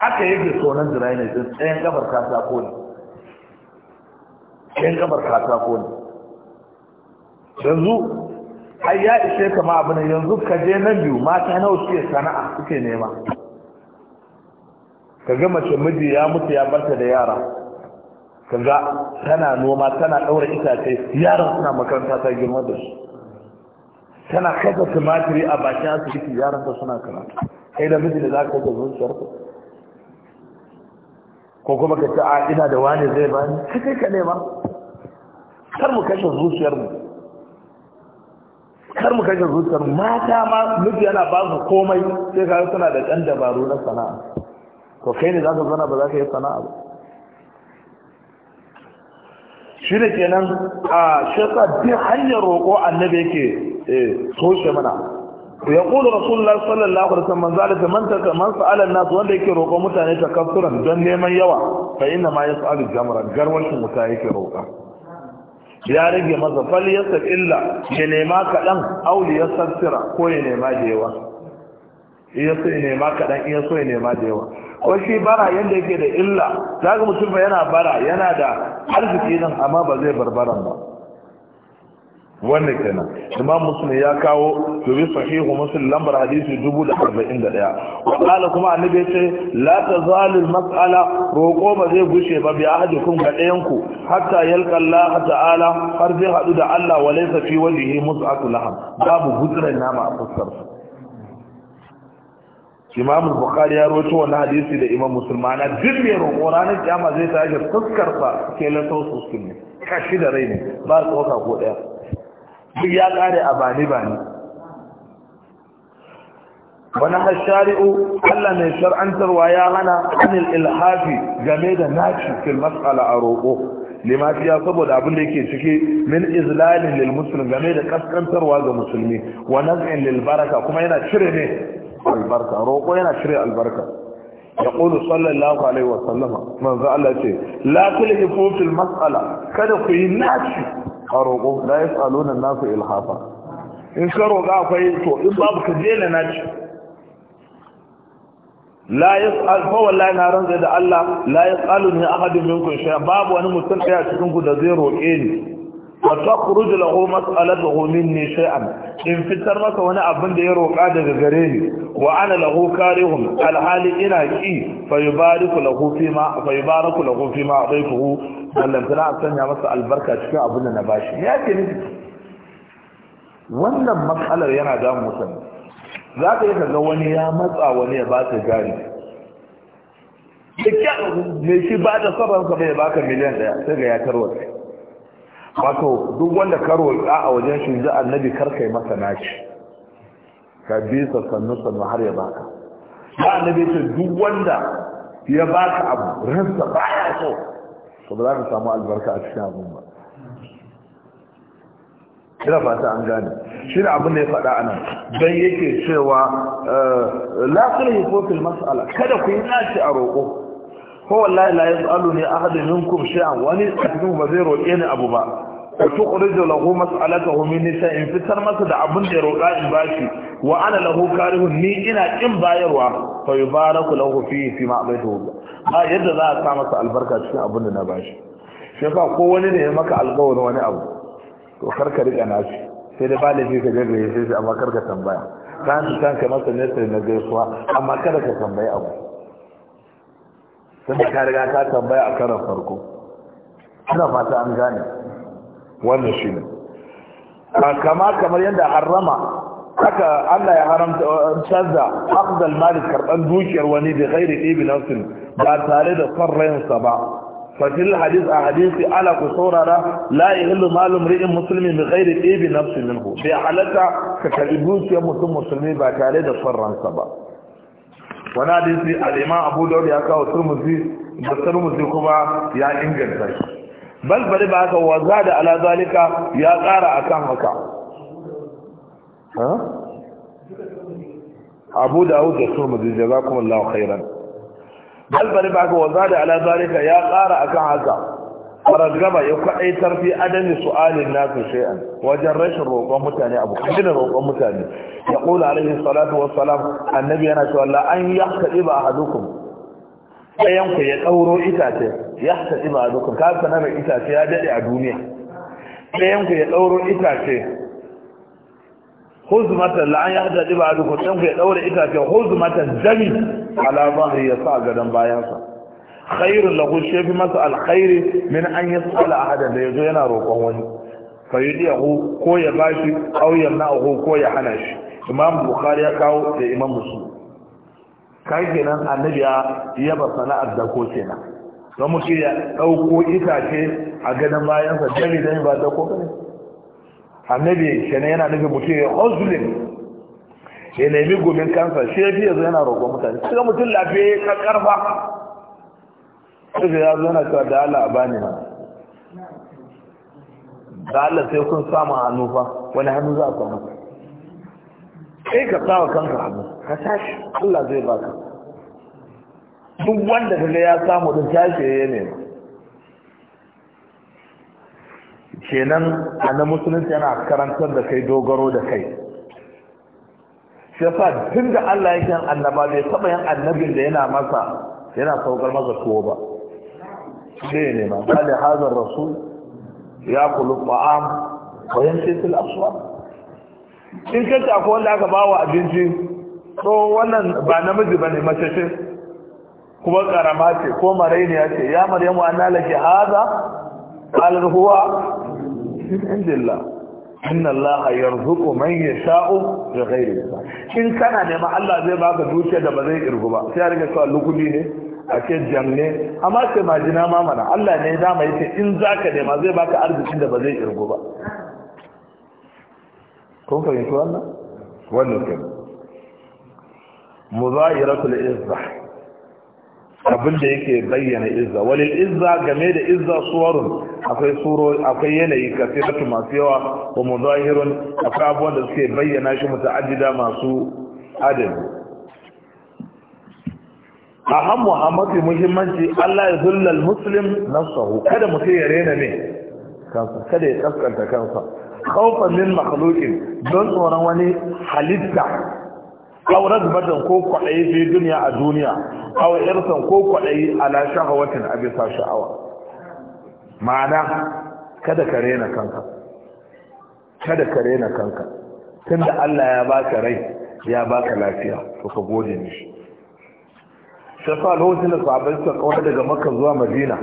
S1: aka yake tonen drainage ɗayan kafar katako ne ɗayan kafar ko ne yanzu ai ya ishe ka ma abin yanzu ka je nan biyu mata nawa suke sana'a suke nema ka ga mace miji ya mutu ya barta da yara ka ga tana noma tana ɗaura itace yaran suna makaranta ta girma da su tana kaza tumatiri a bakin asibiti yaran ta suna karatu kai da miji da za ka ga zuciyar ka ko kuma ka ce a ina da wani zai bani kai ka nema kar mu kashe zuciyar mu
S2: kar mu kashe zuciyar mata ma miji yana ba su
S1: komai sai ka suna da ɗan dabaru na sana'a to kai ne za ka zana ba za ka yi sana'a ba shi da kenan a shekar duk hanyar roƙo annabi yake eh, toshe mana ya kula rasulullah sallallahu alaihi wasallam zalika da man taka man sa'ala nas wanda yake roƙo mutane takaffuran don neman yawa fa inna ma yas'alu jamra garwashin mutane yake roƙa ya rage masa fal yasa illa ya nema kaɗan auli ya sassira ko ya nema da yawa iya so ya nema kaɗan iya so ya nema da yawa ko shi bara yadda yake da illa za ga mutum yana bara yana da arziki nan amma ba zai barbaran ba wannan kenan imam muslim ya kawo to bi sahihu muslim lambar hadisi 1041 wa qala kuma annabi ya ce la tazalu al mas'ala roko ba zai gushe ba bi ahadikum ga ɗayan ku hatta yalqa Allah ta'ala har zai hadu da Allah wa laysa fi wajhihi mus'atu laham babu gudran nama a fuskar su imam bukhari ya rawaito wannan hadisi da imam musulmana duk mai roko ranar kiyama zai tashi fuskar sa ke lantar su kashi da rai ne ba tsoka ko daya duk ya kare a bani bani wani hashari'u Allah mai shar'antarwa ya hana anil ilhafi game da naci fil mas'ala a roƙo lima fiya saboda abin da yake ciki min izlalin lil game da kaskantarwa ga musulmi wa naz'in lil baraka kuma yana cire ne albarka roƙo yana cire albarka Ya yaqulu sallallahu alaihi wa sallama manzo Allah ce la tulhifu fil mas'ala kada ku yi naci a roƙo tsalo yas'aluna nasu ilhafa in ka roƙa akwai to in babu ka je na ci la tsalo fa wallahi na ranzai da Allah la yas'aluni ahadun minkum shay babu wani mutum daya cikin ku da zai roƙe ni wa ta takhruju lahu mas'alatuhu minni shay'an in fitar masa wani abin da ya roka daga gare ni wa ana lahu karihun alhali ina ki fa yubariku lahu fi ma fa yubaraku lahu fi ma adaifuhu wallan tana sanya masa albarka cikin abin da na bashi me yake nufi wannan matsalar yana da mutum za ka yi kaga wani ya matsa wani ya ba ta gari da kyau mai shi ba da sabansa bai baka miliyan daya sai ga ya tarwa. wato duk wanda ka roƙa a wajen shi ji annabi kar kai masa naci ka bi sa sannu sannu har ya baka ya annabi ce duk wanda ya baka abu ransa baya so to ba za ka samu albarka a cikin abun ba ina fata an gane shi da abin da ya faɗa anan don yake cewa eh, la kulli fil mas'ala kada ku yi naci a roƙo ko wallahi la yasalu ni min minkum shay'an wani cikin ba zai roƙe ni abu ba ko tukhrijo lahu mas'alatahu min in fitar masa da abin da ya roƙa in bashi wa ana lahu karihun ni ina kin bayarwa fa yubaraku lahu fi fi ma baytuhu ba yadda za a sa masa albarka cikin abin da na bashi shi fa ko wani ne ya maka alƙawarin wani abu to karka rika nashi sai da balaji ka ga ya sai amma karka tambaya kan su kan masa ne sai na gaisuwa amma kada ka tambayi abu tunda ka riga ka tambaya a karan farko ina fata an gane wannan shi ne kama kamar yadda harrama haka Allah ya haramta uh, canza Akdal malik karɓar dukiyar wani da ghairi ibi nafsin ba tare da son rayinsa ba fatil hadis a hadisi ala ku saurara la yahillu malu mri'in muslimin bi ghairi ibi nafsin minhu bi halata ka karbi dukiyar mutum musulmi ba tare da son ransa ba wani hadisi al'imam abu daud ya kawo turmuzi da turmuzi kuma ya inganta shi bal bari ba haka za da ala zalika ya ƙara kan haka abu daud da turmuzi kuma khairan bal bari ba haka za da ala zalika ya ƙara kan haka farazgaba ya kwaɗaitar fi adami su'alin nasu shay'an wajen rashin roƙon mutane abu kajin roƙon mutane ya ƙula alaihi salatu salam annabi yana cewa la an yahtaɗi ba ahadukum ɗayan ku ya ɗauro itace yahtaɗi ba ahadukum ka sana mai itace ya daɗe a duniya ɗayan ku ya ɗauro itace huzumatan la an yahtaɗi ba ahadukum ɗayan ku ya ɗaure itace huzmatan jami ala zahri ya sa gadon bayansa khairun lahu shi fi masa alkhairi min an yasala ahada da yazo yana roƙon wani fa yudiyahu ko ya bashi aw yamna'ahu ko ya hana shi imam bukhari ya kawo da imam muslim kai kenan annabi ya ba sana'ar da ko kenan don mutum ya dauko itace a ganin bayansa jami don ba da ko ne annabi kenan yana nufin mutum ya ozulin. ya nemi gomin kansa shi ya fi yanzu yana roƙon mutane sai mutum lafiya ya karfa sai da ya zo na cewa da Allah a bani da Allah sai kun samu hannu fa wani hannu za a samu sai ka sawa kanka hannu ka tashi Allah zai baka duk wanda kaga ya samu da tashi ya ne kenan annabi musulunci yana karantar da kai dogaro da kai shi tun da Allah yake annabawa bai taba yin annabin da yana masa yana saukar masa tuwo ba ne ne ma kada hazar rasul ya kulu ba'am wa yanti fil aswaq in kace akwai wanda aka bawa abinci to wannan ba namiji bane mace ce kuma karama ce ko maraini ya ce ya maryamu anna laki hadha qala huwa min indillah inna allaha yarzuqu man yasha'u bi ghairi hisab in kana neman Allah zai baka dukiya da ba zai irgu ba sai ya rika cewa lukudi ne a ke jamne amma ce majina ma mana Allah ne da mai ce in zaka nema zai baka arzikin da ba zai irgo ba kun fahimci wannan wannan ke muzahiratul izza abin da yake bayyana izza walil izza game da izza suwarun akwai suro akwai yanayi kasiratu masu yawa wa muzahirun akwai abubuwan da suke bayyana shi muta'addida masu adadi ahammu a muhimmanci Allah ya zullal muslim nasahu kada mutum ya rena ne kansa kada ya kaskanta kansa khawfan min makhluqin don tsoron wani halitta aw badan ko kwaɗayi fi duniya a duniya aw irsan ko kwaɗayi ala shahawatin a bisa sha'awa ma'ana kada ka rena kanka kada ka rena kanka tunda Allah ya baka rai ya baka lafiya to ka gode mishi shi lokacin da sahabai suka kawar daga makka zuwa madina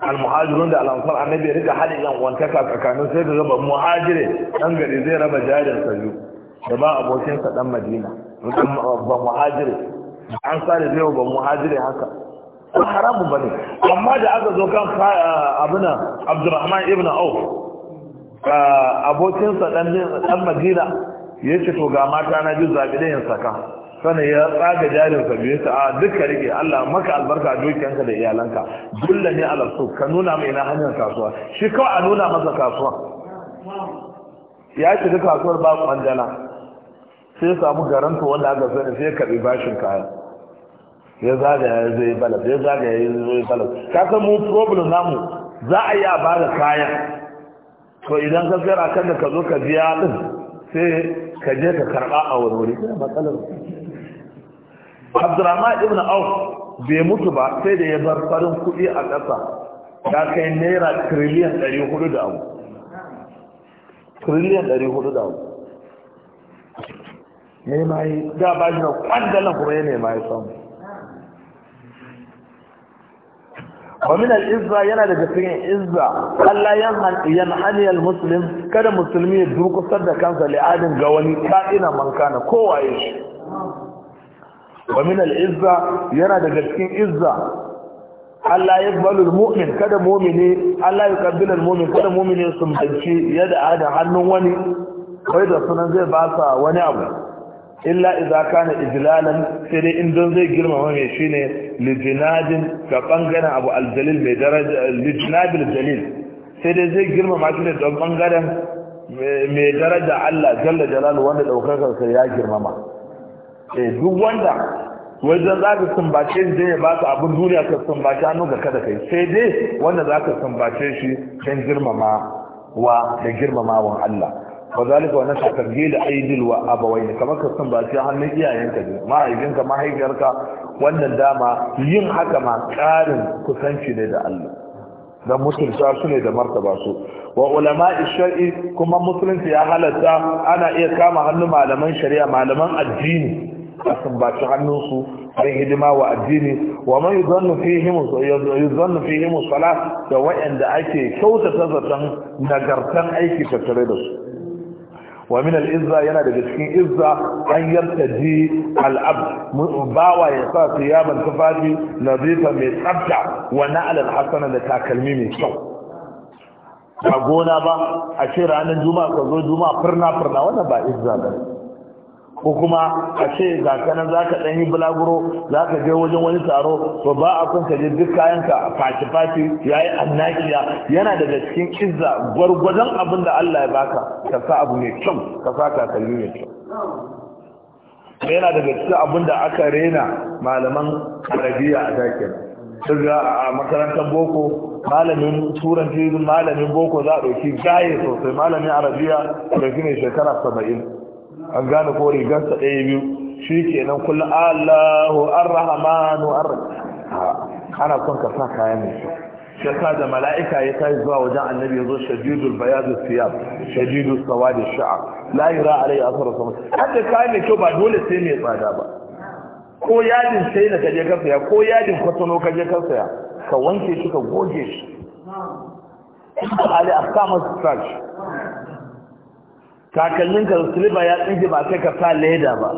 S1: almuhajirun da al'amsar annabi ya rika hali yan wantaka tsakanin sai da raba muhajire ɗan gari zai raba jarin sayu da ba abokinsa ɗan madina ba muhajire an sare zai ba muhajire haka ba haramun ba ne amma da aka zo kan eh, abinan abdurrahman ibn auf eh, abokinsa ɗan madina ya ce to ga mata na ji zaɓi da yin saka sannan ya tsaga jarin sa biyu ta a duka rike Allah maka albarka dukiyanka da iyalanka dulla ne ala su ka nuna mai na hanyar kasuwa shi kawai a nuna masa kasuwa ya shiga kasuwar ba anjana sai samu garanta wanda aka sani sai ya karbi bashin kaya ya zaga ya zai balas ya zaga ya zai balas ka san mu problem namu za a yi a bada kayan to idan ka tsira kan da ka zo ka biya din sai ka je ka karba a wurwuri wuri matsalar abdurrahman ibn auf bai mutu ba sai da ya bar farin kudi a ƙasa ya kai naira triliyan 400,000 triliyan abu? ne ma yi da ba shi na kwandalan kuma ya ne ma yi samu kwaminan izra yana daga cikin izra allah yan haniyar musulmi kada musulmi ya dukusar da kansa la'adin ga wani ka'ina mankana kowa ya wa min al-izza yana daga cikin izza Allah ya balu mu'min kada mu'mini Allah ya kabbila mu'min kada mu'mini sun bace yadda da hannun wani kai da sunan zai ba sa wani abu illa idza kana ijlalan sai dai in zai girmama mai shine lijinadin ga bangaren abu al aljalil mai daraja lijinabil jalil sai dai zai girmama shi ne don bangaren mai daraja Allah jalla jalalu wanda daukar sa ya girmama eh duk wanda wajen za ka sumbace shi ya ba su abin duniya ka sumbace hannu ga kada kai sai dai wanda za ka sumbace shi don girmama wa da wa Allah ba ka wannan takarge da aidil wa abawai ne kamar ka sumbace hannun iyayenka ne ma'aikinka mahaifiyarka wannan dama yin haka ma ƙarin kusanci ne da Allah da mutunta su ne da martaba su wa ulama shar'i kuma musulunci ya halatta ana iya kama hannun malaman shari'a malaman addini a sumbaci hannunsu don hidima wa addini wa man yuzannu fihim yuzannu da wa'anda ake kyautata zaton nagartan aiki tattare da su wa min al-izza yana daga cikin iza. an yartaji al-abd bawa ya sa siyaban tufafi nazifa mai tsafta wa na'al al da takalmi mai kyau A gona ba a ce ranar juma'a ka zo juma'a furna furna wannan ba izza ba ko kuma a ce ga kanan za ka ɗan yi bulaguro za ka je wajen wani taro to ba a kun ka je duk kayanka faci-faci ya yi annakiya yana daga cikin izza gwargwadon abin da Allah ya baka ka sa abu mai kyau ka sa takalmi mai kyau yana daga cikin abin da aka rena malaman arabiya a dakin sirga a makarantar boko malamin turanci malamin boko za a ɗauki gaye sosai malamin arabiya da shi ne shekara saba'in an gane ko rigarsa ɗaya biyu shi ke nan kullum allahu arrahamanu ana son ka sa kayan mai kyau shi sa da mala'ika ya tashi zuwa wajen annabi ya zo shadidul bayadu siyab shadidul sawadi sha'a la yura alai asara sama hadda kaya mai kyau ba dole sai mai tsada ba ko yadin sai da kaje ka saya ko yadin kwatano kaje ka saya ka wanke shi ka goge shi Ali a sa masa kakannin ka sulba ya tsinke ba kai ka sa leda ba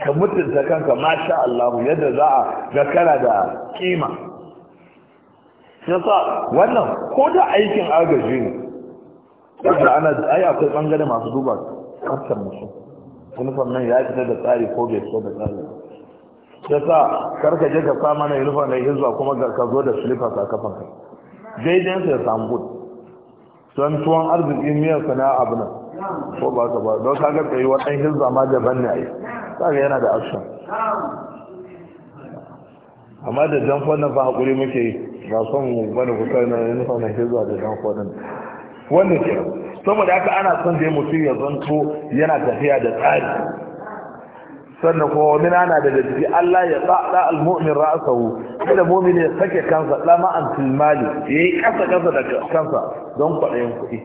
S1: ka mutunta kanka masha Allah yadda za a ga kana da kima yasa wannan ko da aikin agaji ne saboda ana ai akwai bangare masu duba tsaftar mutum uniform nan ya fita da tsari ko bai fita da tsari yasa karka je ka fa mana uniform na hizwa kuma ka zo da slippers a kafan daidai sai samu gudu don tuwon arziki miyar sana abu nan ko ba ta ba don kaga kai wannan hizba ma daban ne ai kaga yana da action amma da dan fannin fa hakuri muke ba son wani kusa na yin fannin hizba da dan nan. wannan ke saboda haka ana son da mutum ya zanto yana tafiya da tsari sannan kuma wani ana da gaske Allah ya tsada al-mu'min ra'sahu kada mu'min ya sake kansa lama an tilmali yayi kasa kasa da kansa don kwaɗayin kuɗi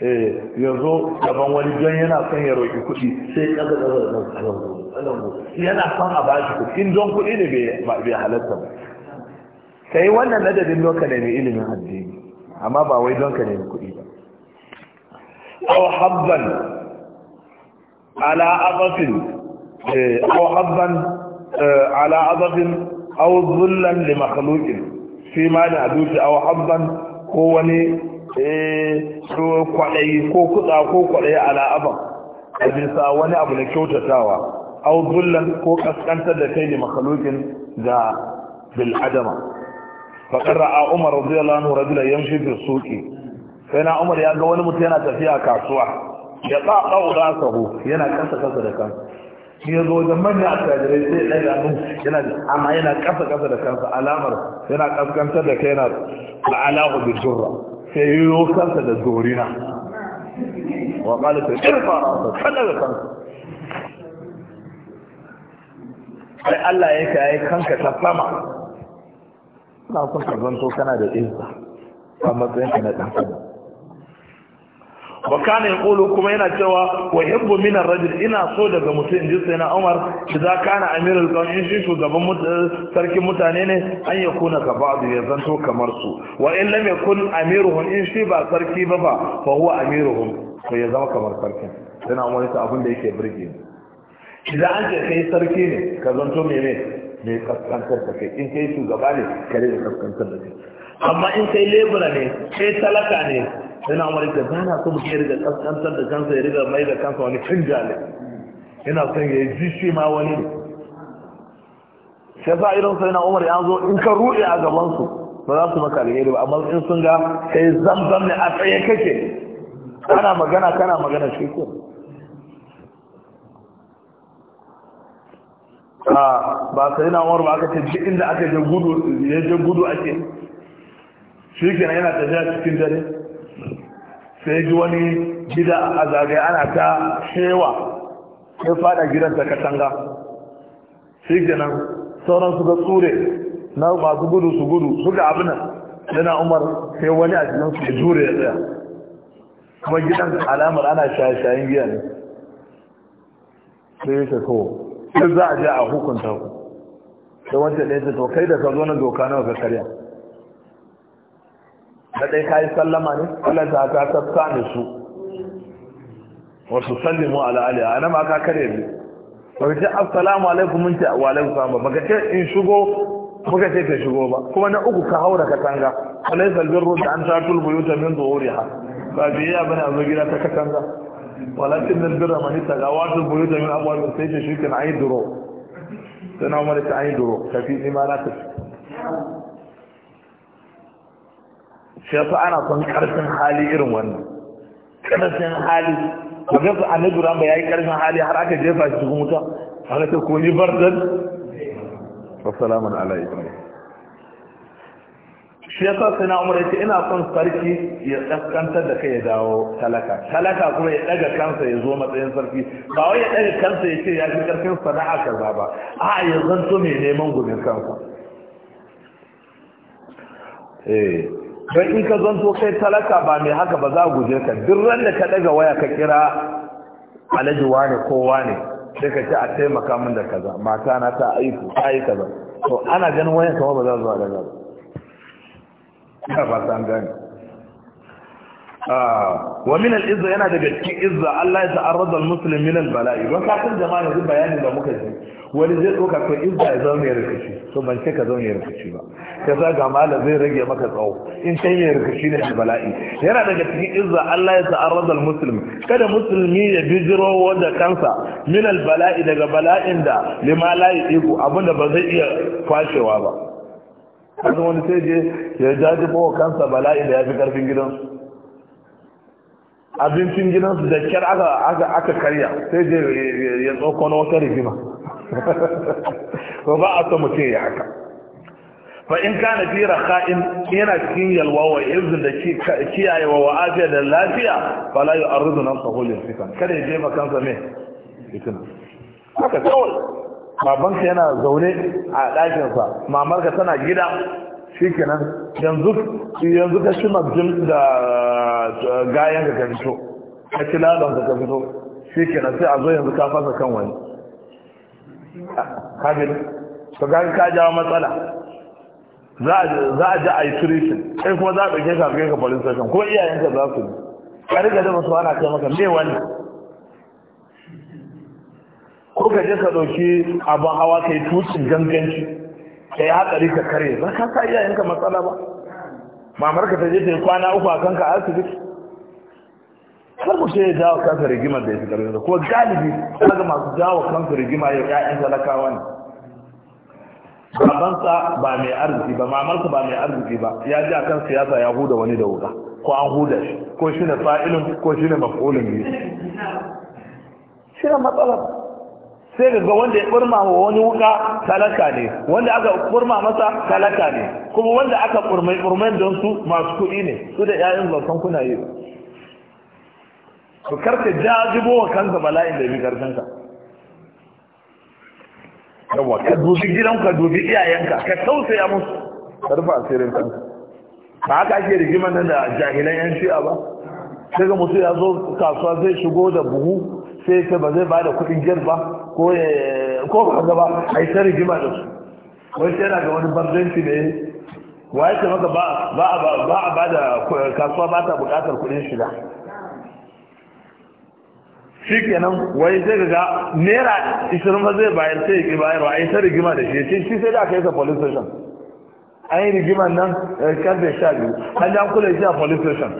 S1: eh yanzu gaban wani don yana son ya roki kuɗi sai kasa kasa da kansa yana son a bashi kuɗi in don kuɗi ne bai halatta ba kai wannan ladabin doka ne mai ilimin addini amma ba wai don ka nemi kuɗi ba aw habban ala abasin أو حظا على عضب أو ظلا لمخلوق فيما نعدوك أو حظا هو kwaɗayi ko kuɗa ko kwaɗayi ala'aban a wani abu na kyautatawa au ko kaskantar da kai da makalokin ga bil'adama faƙar ra'a umar radiyallahu anhu rajula yamshi fi suqi sai na umar ya ga wani mutum yana tafiya kasuwa ya sahu yana kasa kasa da kansa shi ya zo wajen manyan attajirai sai ya ɗaga hannu yana amma yana ƙasa ƙasa da kansa alamar yana ƙasƙantar da kai yana la'alahu bi durra sai yiwu kansa da dorina wa ƙalata irfa rasa kada da kansa sai Allah ya kayi kanka ta sama na son ka zanto kana da izza a matsayin ka na ɗan adam wa kana yaqulu kuma yana cewa wa hibbu min ar-rajul ina so daga mutum ji sai na Umar idza kana amirul in shi shugaban sarkin mutane ne an yakuna ka ba'du ya zanto kamar su wa in lam yakun amiruhum in shi ba sarki ba ba fa huwa amiruhum to ya zama kamar sarkin sai na Umar ta abin da yake burge ni idan an ce kai sarki ne ka zanto mene mai kaskantar da kai in kai shugaba ne kare da kaskantar da kai amma in kai lebura ne kai talaka ne sai na umar zana na muke mutum ya riga kaskantar da kansa ya riga mai da kansa wani cin jale yana son ya yi jishi ma wani shi sa irin sai na umar ya zo in ka ruɗe a gabansu ba za su maka alheri ba amma in sun ga kai zamzam ne a tsaye kake kana magana kana magana shi ko ba sai na umar ba aka ce duk inda aka je gudu ya je gudu ake shi kenan yana tafiya cikin dare sai ji wani gida a zagaye ana ta shewa ya fada gidan ta katanga shi kenan sauran su ga tsure na masu gudu su gudu su ga abin yana umar sai wani a cikin su ya jure ya tsaya kuma gidan alamar ana shayayen giya ne sai ya ce to sai za a je a hukunta ku sai wancan ɗaya ce to kai da ka zo na doka nawa ka karya da dai kai sallama ne Allah ta ta tsaka ne su Wasu su sallimu ala ali ana ma ka kare ni ba ce assalamu alaikum mun ce wa alaikum salam ba ce in shigo baka ce ka shigo ba kuma na uku ka haura katanga alaysa albirru an tatul buyuta min zuhuriha ba biya bana zo gida ta katanga ولكن البر من يتغوات البيوت من أول من سيجي شيء كان عيد دروع سنة عمر كان عيد دروع ففي إماراتك shi yasa ana son karfin hali irin wannan karfin hali ba ga su annabi ya yayi karfin hali har aka jefa shi cikin wuta haka ta kuni bardan wassalamu ala ibrahim shi yasa sai na umar yace ina son sarki ya tsakanta da kai ya dawo talaka talaka kuma ya daga kansa ya zo matsayin sarki ba wai ya daga kansa ya ce ya fi karfin sana'a kaza ba a ya zanto mai neman gumin kansa eh don in ka zanto kai talaka ba mai haka ba za a guje ka duk ran da ka daga waya ka kira alhaji wane kowa ne sai ka ce a taimaka min da kaza mata na ta aiki ta yi kaza to ana ganin wayan kama ba za zuwa daga ba ba san gani wa min al-izza yana daga cikin izza Allah ya ta'arrada al-muslim min al-bala'i ba kafin jama'a jama'a yanzu bayanin da muka ji wani zai doka ko izza ya zama ya rikici to ban ce ka zama ya rikici ba ka za ga mala zai rage maka tsawo in kai ya rikici ne bala'i yana daga cikin izza Allah ya ta'arrada al-muslim kada musulmi ya bijiro wanda kansa min al-bala'i daga bala'in da lima la yiqu abinda ba zai iya kwashewa ba wani sai je ya jaji kansa bala'i da ya fi karfin gidansu abincin gidansu da kyar aka karya sai je ya tsoko na wata rigima ba a so mutum ya haka fa in kana fira ka'in yana cikin yalwa wa yanzu da kiyayewa wa afiya da lafiya fa la arzu nan sahulin fitan kada ya je makansa me fitina haka kawai babanka yana zaune a ɗakinsa mamarka tana gida shi kenan yanzu yanzu ka ci mabjin da gayan ga ka fito ka ci ladon ka ka fito shi kenan sai a zo yanzu ka fasa kan wani kafin to gani ka jawo matsala za a ji a yi turishin sai kuma za a ɗauke ka kai ka police station ko iyayenka za su yi ka riga da masu ana kai maka me wani ko ka je ka ɗauki abin hawa ka yi tucin ganganci ka yi hatsari ka kare ba ka sa iyayenka matsala ba mamar ka ta je ta kwana uku a kanka a asibiti kar mu ya jawo kansa rigima da ya fi da, kuma galibi ga masu jawo kansa rigima yau ƴaƴan talakawa ne babansa ba mai arziki ba mamarsa ba mai arziki ba ya ji akan siyasa ya huda wani da wuka ko an huda shi ko shi ne fa'ilin ko shi ne maf'ulin ne shi ne matsala sai ga wanda ya burma wa wani wuka talaka ne wanda aka burma masa talaka ne kuma wanda aka burmai burmai don su masu kuɗi ne su da ƴaƴan zakan kuna yi ba su karka jajibo wa kanka bala'in da bi karfin ka yawa ka dubi ka dubi iyayenka ka tausaya musu ka rufe asirin kanka ba haka ake rigima nan da jahilan yan shi'a ba sai ga mutum ya zo kasuwa zai shigo da buhu sai ta ba zai ba da kuɗin gir ba ko ko ka gaba a yi ta rigima da su wai sai yana ga wani barzinci ne waye ta maka ba a ba da kasuwa ba ta bukatar kudin shiga shi kenan wai sai ga naira ishirin ba zai bayar sai ki bayar a yi ta rigima da shi shi sai da aka yi ka police station an yi rigimar nan karfe sha biyu an ya kula shi a police station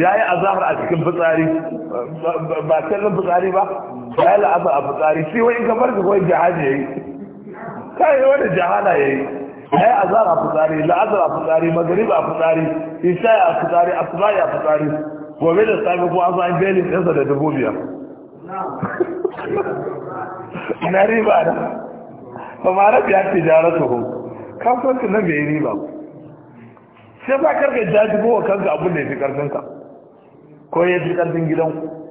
S1: ya yi azahar a cikin fitsari ba cikin fitsari ba ya yi la'abu a fitsari sai wani kamar ka kawai jihadi ya yi kai wani jihada ya yi ya yi azar a fitsari la'azar a fitsari magarib a fitsari isha a fitsari asibari a fitsari gobe da sami ko an zan belin ɗansa da dubu biyar na riba na. ba ma rabi ya ce jara su hu kasuwancin nan bai riba sai ba karka jaji ko kanka abin da ya fi karfinka ko ya fi karfin gidanku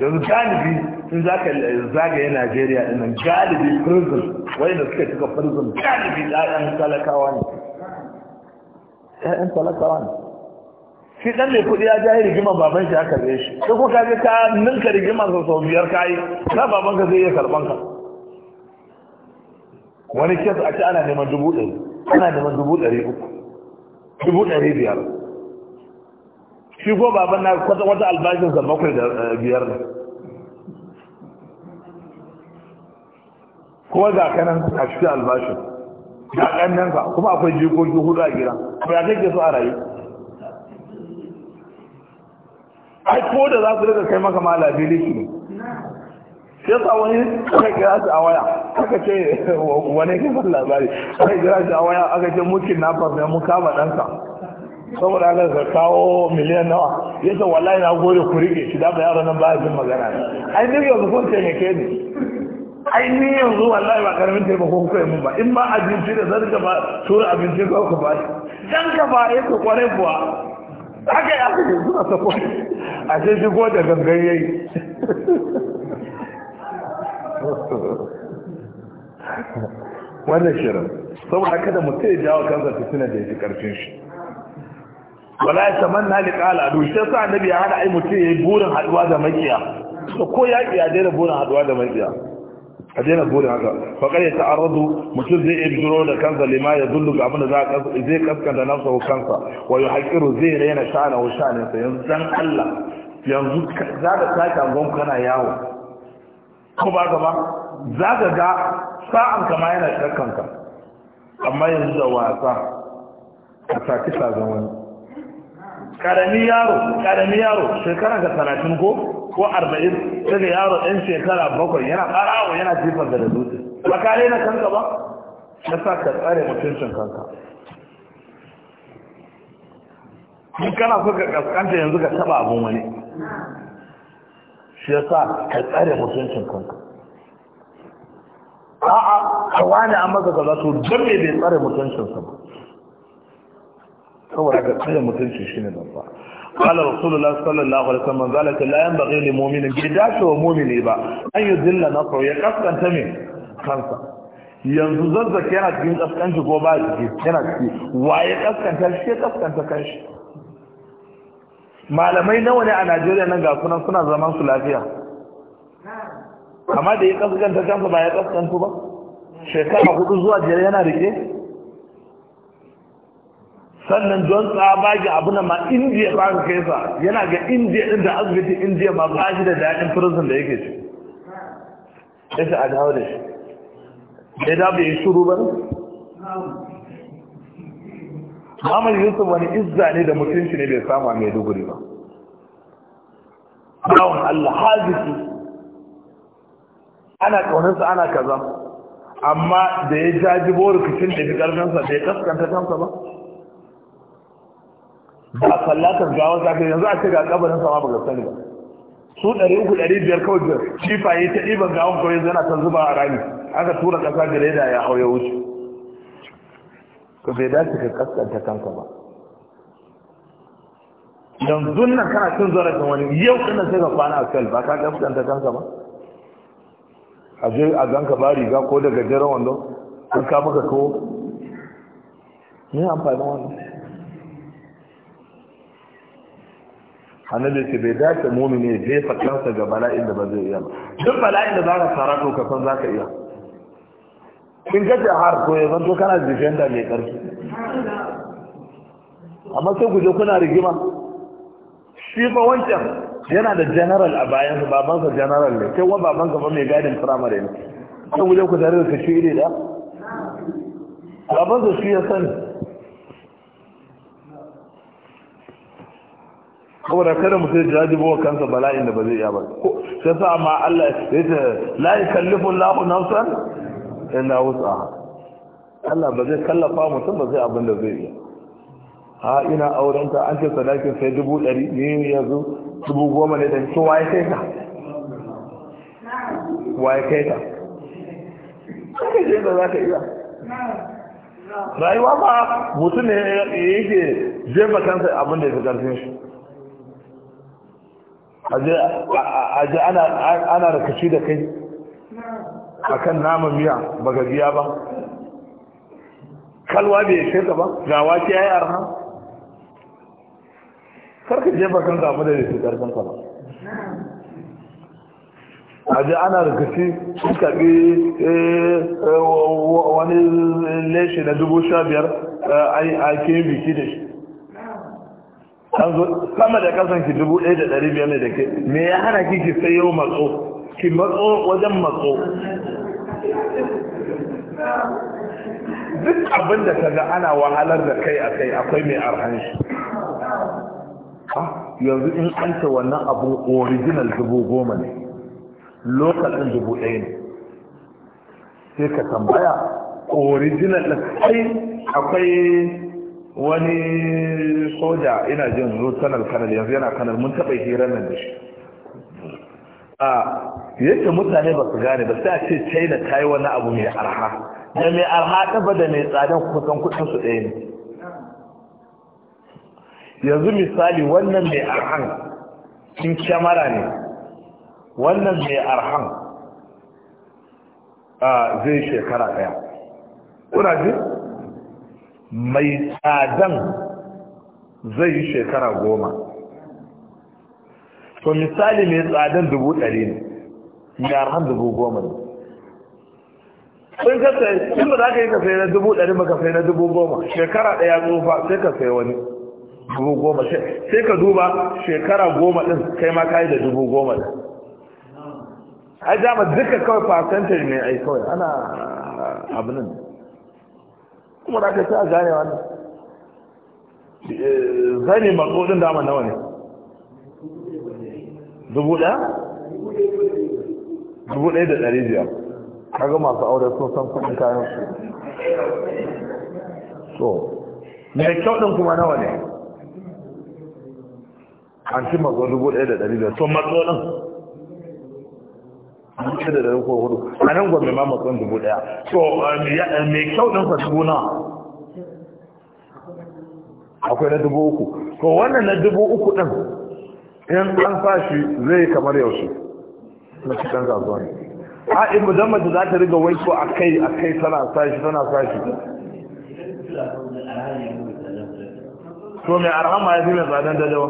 S1: yanzu galibi sun za ka zagaye najeriya ɗinnan galibi prison wanda suka cika prison galibi ɗayan talakawa ne ɗayan talakawa ne shi ɗan mai kuɗi ya jayi rigimar baban shi aka zai shi sai kuka ji ka ninka rigimar sau sau biyar ka yi na baban ka zai iya karɓan ka wani kes a ce ana neman dubu ɗari ana neman dubu ɗari uku dubu ɗari biyar shi ko baban na kwata wata albashinsa bakwai da eh, biyar ne kuma ga kanan a cikin albashin ga ka kuma akwai jikoki hudu a gida kuma ya kake su a rayu ai ko da za su daga kai maka ma shi ne sai sa wani kai kira shi a waya aka ce wani kai labari kai kira shi a waya aka ce mukin na fafiya mu kama ɗansa saboda ana ka kawo miliyan nawa ya ce wallahi na gode ku rike shi da yaro nan ba yin magana ai ni yanzu kun ke ni ai ni yanzu wallahi ba karamin taimako kuka yi mun ba in ba abinci da zan ba tura abinci ko ku ba dan ka ba ya eh, ku kware kuwa haka ya ku zuwa ko a ce shi gode gangan yayi wannan shirin saboda kada mutum ya jawo kansa fitina da ya fi karfin shi wala ya saman tamanna liqal shi sai sa annabi ya hada ai mutum yayi burin haduwa da makiya to ko ya ya daina burin haduwa da makiya a daina burin haka fa kare ta aradu mutum zai ibjiro da kansa lima ya dullu ga abin da za ka zai kaskanta nafsa ko kansa wa yuhaqiru zai raina sha'ana wa sha'anin sa yanzu dan Allah yanzu za ka sake angon kana yawo ko ba ka ba za ka ga sa'an kama yana shakkanka amma yanzu da wasa a sa sazon wani karami yaro karami yaro shekara ga talatin ko ko arba'in daga yaro ɗan shekara bakwai yana ɓarawo yana jifar da dutse ba na kanka ba na sa ka tsare mutuncin kanka in kana so ka kaskanta yanzu ka taba abin wani shi ya sa ka tsare mutuncin kanka a'a a wani an masa kaza to don me bai tsare mutuncinsa ba saboda ga tsaye mutunci shi ne babba قال رسول الله صلى الله عليه وسلم ذلك لا ينبغي لمؤمن بيداش ومؤمن با ان يذل ya يقصن min kansa. yanzu zazzaki yana cikin kaskanci ko ba ciki yana ciki ya kaskanta shi ya kaskanta kanshi malamai nawa ne a najeriya nan ga sunan suna zaman su lafiya amma da ya kaskanta kansa ba ya kaskanta ba shekara hudu zuwa jere yana rike sannan don tsaba abu na ma indiya ba ka kai sa yana ga indiya din da asibiti indiya ma ba shi da daɗin prison da yake ci yasa a dawo da shi ya da bai shuru ba amma Yusuf wani izza ne da mutunci ne bai samu a Maiduguri ba. Bawon Allah haziki ana ƙaunarsa ana kaza amma da ya jajibo rikicin da fi ƙarfinsa bai kaskanta kansa ba. ba a fallatar gawar zafi yanzu a ce ga kabarin sama ba ga sani ba su ɗari uku ɗari biyar kawai shifaye ta ɗiban gawar kawai zana ta zuba a rami aka tura ƙasa da reda ya hau ya wuce ka bai dace ka kaskanta kanka ba yanzu nan kana cin zarafin wani yau kana sai ka kwana a sel ba ka kaskanta kanka ba a je a ganka ba riga ko daga jiran wando an ka maka to ne amfanin wannan annabi ce bai dace mumini ya jefa kansa ga bala'in da ba zai iya ba duk bala'in da za ka fara to ka san za ka iya in ka ce har to ya zanto kana defender mai karfi amma sai ku je kuna rigima shi ba wancan yana da general a bayan baban babansa general ne kai wa babansa ba mai gadin primary ne sai ku je ku tare da kashi iri da babansa shi ya sani saboda kada mu sai jajibo wa kansa bala'in da ba zai iya ba ko sai sa ma Allah ya ce la yukallifu Allahu nafsan illa wus'aha Allah ba zai kallafa mutum ba zai abin da zai iya ha ina aurenta an ce sadakin sai dubu ɗari ne yanzu dubu goma ne dan kowa ya kai ka
S2: waye kai ka
S1: kake je da za ka iya
S2: rayuwa ba mutum
S1: ne yake jefa kansa abin da ya fi ƙarfin shi aje ana rakashi da kai akan naman miya ba gajiya ba kalwa bai ya ka ba ga wake ya yi arha karka jefa kan gamu da ya fi karfin ka ba aje ana rikici sun karbi eh, eh, wani leshi na dubu shabiyar biyar eh, a ke biki da shi an zo sama da kasan ki dubu ɗaya da ɗari biyar ne da ke me ya hana ki ki sayo matso ki matso wajen matso duk abin da ka ga ana wahalar da kai a kai akwai mai arhan shi ah, yanzu in an ce wannan abu original dubu goma ne lokacin dubu ɗaya ne sai ka tambaya original ɗin akwai wani soja ina jin rutanar kanar yanzu yana kanar mun taɓa hirar nan da shi a yadda mutane ba su gane ba sai a ce china ta yi wani abu mai arha da mai arha ɗaba da mai tsadan kusan kusan su ɗaya ne yanzu misali wannan mai arhan cin kyamara ne wannan mai arhan a zai shekara ɗaya kuna ji? mai tsadan zai yi shekara goma to misali mai tsadan dubu ɗari ne yaran dubu goma ne sun kasa in ba za ka yi ka sai na dubu ɗari ba sai na dubu goma shekara ɗaya tsofa sai ka sai wani dubu goma sai ka duba shekara goma ɗin kai ma ka yi da dubu goma ɗin ai dama duka kawai fasantar mai ai kawai ana abinan kuma da aka ce a gane wannan eh, zane makonin dama nawa ne dubu ɗaya? dubu ɗaya da ɗari biyar kaga masu aure sun san kudin kayan su so mai kyau ɗin kuma nawa ne an ci makodin dubu ɗaya da ɗari biyar so makodin dubu da dari ko hudu a nan gwamna ma matsan dubu daya so mai kyau ɗin fa dubu na akwai na dubu uku to wannan na dubu uku ɗin 'yan an fashi zai kamar yaushe na cikin kasuwa ne a in mudan mace za ta riga wanko a kai a kai tana sashi tana sashi to mai arhama ya fi mai tsadan dalewa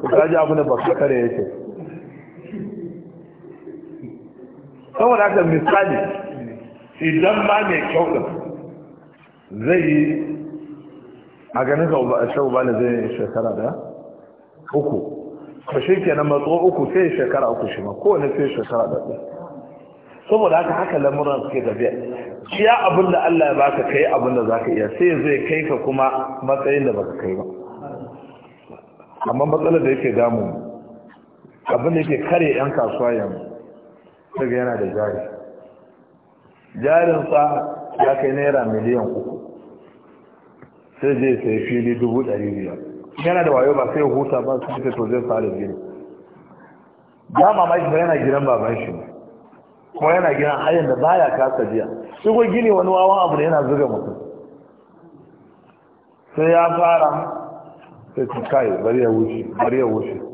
S1: ku kaji abu da ba kare yake saboda haka misali idan ba mai kyau da zai yi a ganin shau ba zai yi shekara da uku ka shi ke na matso uku sai shekara uku shi ma kowane sai shekara da ɗaya saboda haka haka lamuran suke tafiya ya abin da Allah ya baka kai abin da ka iya sai zai kai ka kuma matsayin da baka kai ba amma matsalar da yake damu abin da yake kare yan kasuwa yanzu daga yana da jari jarinsa ya kai naira miliyan uku sai zai sai fili dubu ɗari biyar yana da wayo ba sai huta ba su fita to zai fara gini ba mamaki ba yana gidan baban shi kuma yana gidan hayan da ba ya kasa biya shi ko gini wani wawan abu da yana zuga mutum sai ya fara sai ta kai bari ya wuce bari ya wuce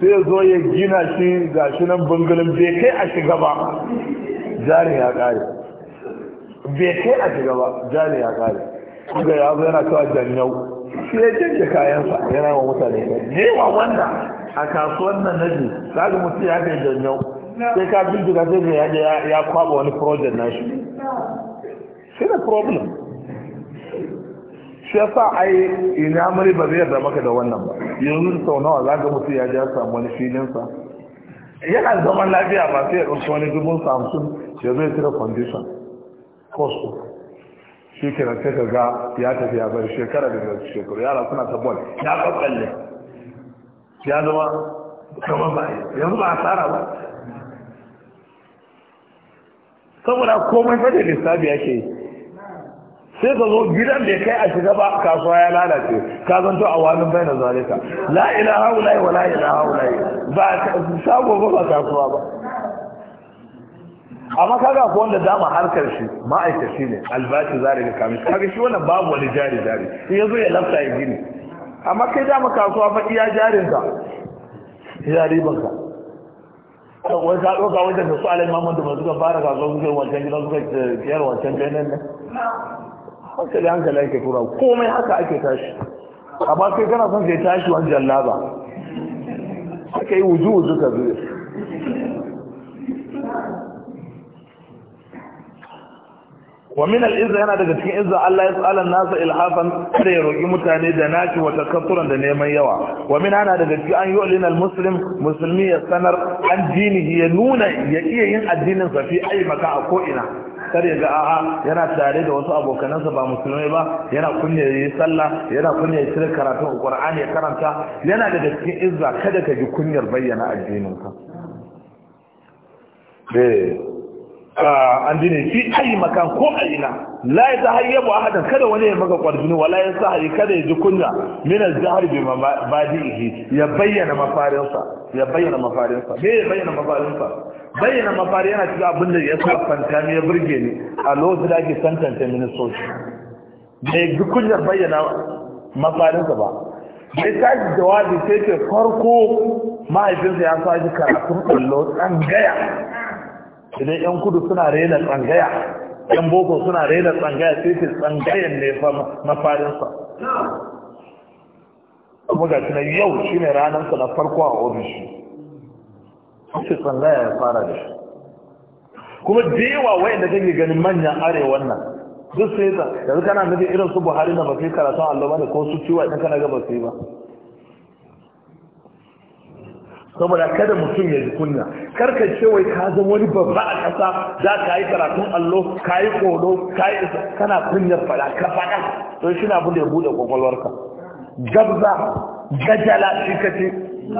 S1: sai zo ya gina shi ga shi nan bangalin bai kai a shiga ba jari ya kare bai kai a shiga ba jari ya kare Kuma ya zo yana kawai janyau sai ya canje kayansa yana wa mutane kai ne wa wanda a kasuwan nan na ji kaga mutum ya kai janyau sai ka bincika sai ya ya kwaba wani project na
S2: shi
S1: ne problem shi yasa ai ina mari ba zai yarda maka da wannan ba yanzu sau nawa za ga mutu ya ja samu wani filinsa yana zaman lafiya ba sai ya ɗauki wani dubun samsun ya zai tira condition cost shi ke na sai ga ya tafi ya bari shekara da shekaru yara suna ta bol ya kwakwalle ya zama kama ba yanzu ba a tsara ba saboda komai fadin lissafi ake yi sai ka zo gidan da kai a shiga ba kasuwa ya lalace ka zanto a wani bai na zalika la ila haula wa la ila ba shago ba ba kasuwa ba amma kaga ko wanda dama harkar shi ma'aikaci ne albashi zari da kamin kaga shi wannan babu wani jari jari in yazo ya lafta ya gini amma kai dama kasuwa fa iya jarin ka iya riban ka wai ka ɗauka wajen da su alai mamadu da ba suka fara kasuwa suke wancan gidan suka kiyar eh, wancan benin ne hankali hankali ake tura komai haka ake tashi amma kai kana son kai tashi wani jallaba aka yi wuju wuju ka zuwa wa min al-izza yana daga cikin izza Allah ya tsala nasa ilhafan kada ya roki mutane da naci wa takassuran da neman yawa wa min ana daga cikin an yu'lina al-muslim musulmi ya sanar an dinihi ya nuna ya iya yin addinin sa fi ayi maka a ko ina kar ya ga a'a yana tare da wasu abokanansa ba musulmai ba yana kunya yi sallah yana kunya yi cire karatun qur'ani ya karanta yana da cikin izza kada ka ji kunyar bayyana addinin ka eh, ah, an dine fi ayi makan ko aina la ya tahayyabu ahadan kada wani ya maka kwarjini wala ya sahi kada ya ji kunya min al-jahr bi mabadihi ya bayyana mafarinsa ya bayyana mafarinsa ya bayyana mafarinsa bayyana mafari yana cikin abin da ya sa ne ya burge ni a lokacin da ake santanta ministoci bai duk kunyar bayyana mafarinsa ba bai tashi jawabi sai ce farko mahaifinsa ya sa shi karatun kwallo tsangaya idan yan kudu suna rena tsangaya yan boko suna rena tsangaya sai ce tsangayan ne fa mafarinsa kuma ga yau shine ranarsa na farko a ofishi shi sallaya ya fara da shi kuma da yawa wayanda kake ganin manyan are wannan duk sai da yanzu kana nufin irin su buhari na basu karatun allo ba ne ko su ciwa idan kana gaba su yi ba saboda kada mutum ya ji kunya karka ce wai ka zama wani babba a ƙasa za ka yi karatun allo ka yi kodo ka yi isa kana kunyar fada ka fada to shi na abin da ya buɗe kwakwalwarka gabza gajala shi ka ce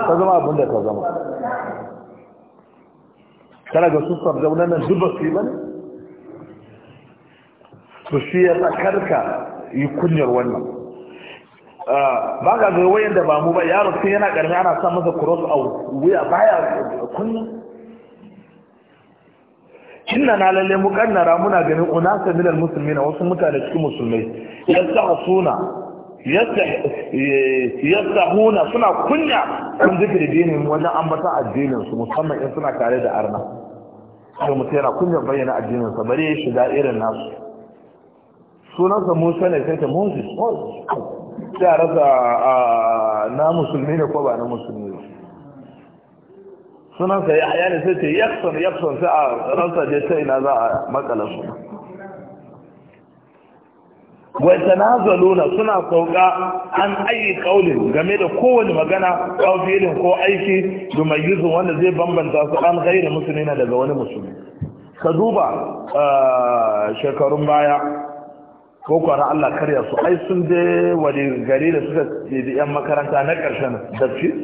S1: ka zama abin da ka zama kana ga su sardauna nan duba su yi ba ne to shi ya tsakarka yi kunyar wannan ah, ba ga ga wayan da ba mu ba yaro sai yana ƙarfi ana sa masa cross a wuya baya kunyar inna na lalle mu kannara muna ganin unasa musulmi na wasu mutane cikin musulmai Ya eh, yastahuna suna kunya sun zikiri dinin wajen ambata addinin su musamman in suna tare da arna sai mutum yana kunyar bayyana addininsa bari ya shiga irin nasu sunansa musa ne sai ta moses sai a rasa na musulmi ne ko ba na musulmi ne sunansa ya haya ne sai ta yakson yakson sai a rasa je ta ina za a matsala suna wa tanazaluna suna sauka an ayi kaulin game da kowane magana ko fi'lin ko aiki yuzu wanda zai bambanta su an musulmi na daga wani musulmi ka duba ah, shekarun baya ko kwanan Allah karya su ai sun je wani gari da suka ɗiɗi 'yan makaranta na karshen dafi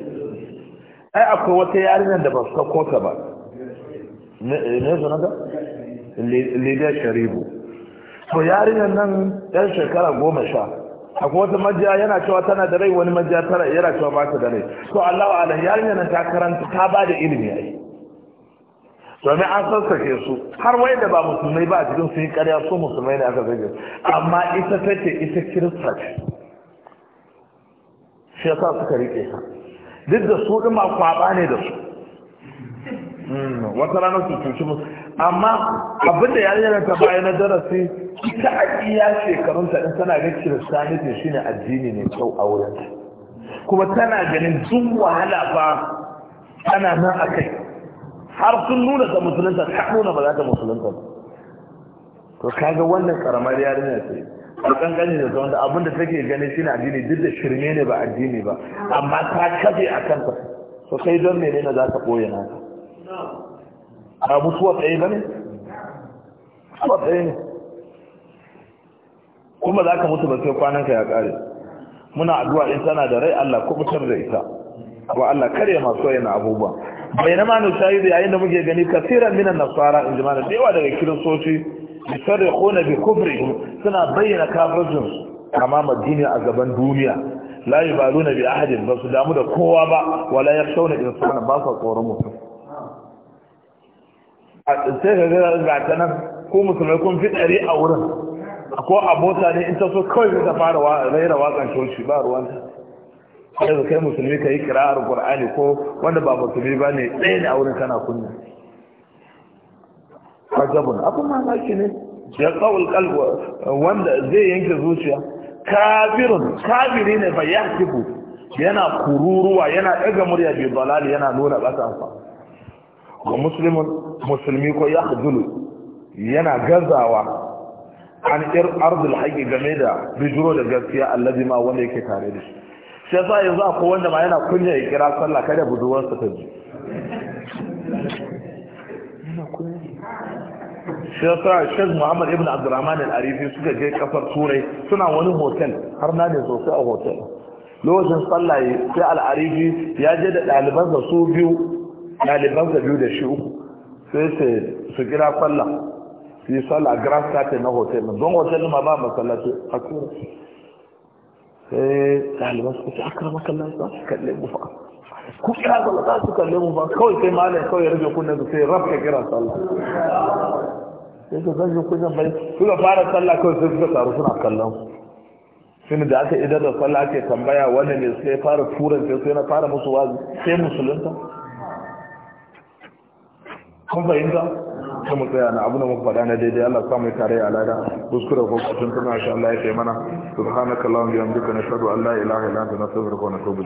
S1: ai akwai wata yarinyar da ba su kota ba ne su lidiyar sharibu to yarinyar nan yan shekara goma sha ko wata majiya yana cewa tana da rai wani majiya tara yana cewa ba ta da rai to Allahu alam yarinyar nan ta karanta ta ba da ilimi ai domin an sassake su har wai da ba musulmai ba a cikin su yi karya su musulmai ne aka zage amma ita ta ce ita kirista ce shi yasa suka rike ta duk da su ɗin ma kwaɓa ne da su hmm, wata ranar su cuci musu amma abin da yarinyar ta baya na darasi ita a iya shekarun ta tana ga kiristaniti shine addini ne kyau a wurin kuma tana ganin duk wahala ba tana nan a kai har sun nuna ta musulunta ta nuna ba za ta musulunta ba to kaga wannan karamar yarinya ce a kankanin da wanda abin da take ganin shine addini duk da shirme ne ba addini ba amma ta kafe a kanta to sai don menene za ta koya naka ba mutuwa tsaye ba ne? mutuwa tsaye ne kuma za ka mutu ba sai kwananka ya kare muna addu'a in tana da rai Allah kubutar da ita wa Allah kare masu yana abubuwa bai na manu shahidu yayin da muke gani kasiran minan nasara in jimana da yawa daga kiristoci bisarri kona bi kufri suna bayyana kafirjinsu kama madini a gaban duniya la yubaluna bi ahadin ba su damu da kowa ba wala sauna insana ba su tsoron mutum sai ka ga ga ta nan ko musulmai kun fi tsare a wurin ko abota ne in ta so kawai ta fara raira wakan coci ba ruwanta sai kai musulmi ka yi kira'ar qur'ani ko wanda ba musulmi ba ne ɗaya ne a wurin kana kunna ajabun abin mamaki ne ya tsawul kalbu wanda zai yanke zuciya kafirun kafiri ne fa yahtifu yana kururuwa yana ɗaga murya bi dalali yana nuna ƙasa wa muslimun musulmi ko ya yana gazawa an ir arzul haqi game da bijiro da gaskiya allazi ma wanda yake tare da shi sai sa yanzu akwai wanda ma yana kunya ya kira sallah kada budurwarsa ta ji sai yasa shek muhammad ibn abdurrahman al-arifi suka je kafar turai suna wani hotel har na ne sosai a hotel lokacin sallah sai al-arifi ya je da ɗalibansa su biyu ɗaliban ka biyu da shi uku sai su kira kwalla su yi sallah a grand state na hotel na don hotel ma ba masallaci a kura sai ɗaliban su kusa akara makallan za su kalle mu fa ku kira sallah za su kalle mu fa kawai sai malam kawai rufe kunnen su sai ka kira sallah sai su zan yi kunnen bai ga fara sallah kawai sai suka taru suna kallon sini da aka idar da sallah ake tambaya wani ne sai fara turanci sai na fara musu wazi sai musulunta kun fahimta ta mu tsaya na abu da muka faɗa na daidai Allah samu mai tare a lada kuskure ko kwatun na shi Allah ya kai mana subhanaka allahumma wa bihamdika nashhadu an la ilaha illa anta nastaghfiruka wa natubu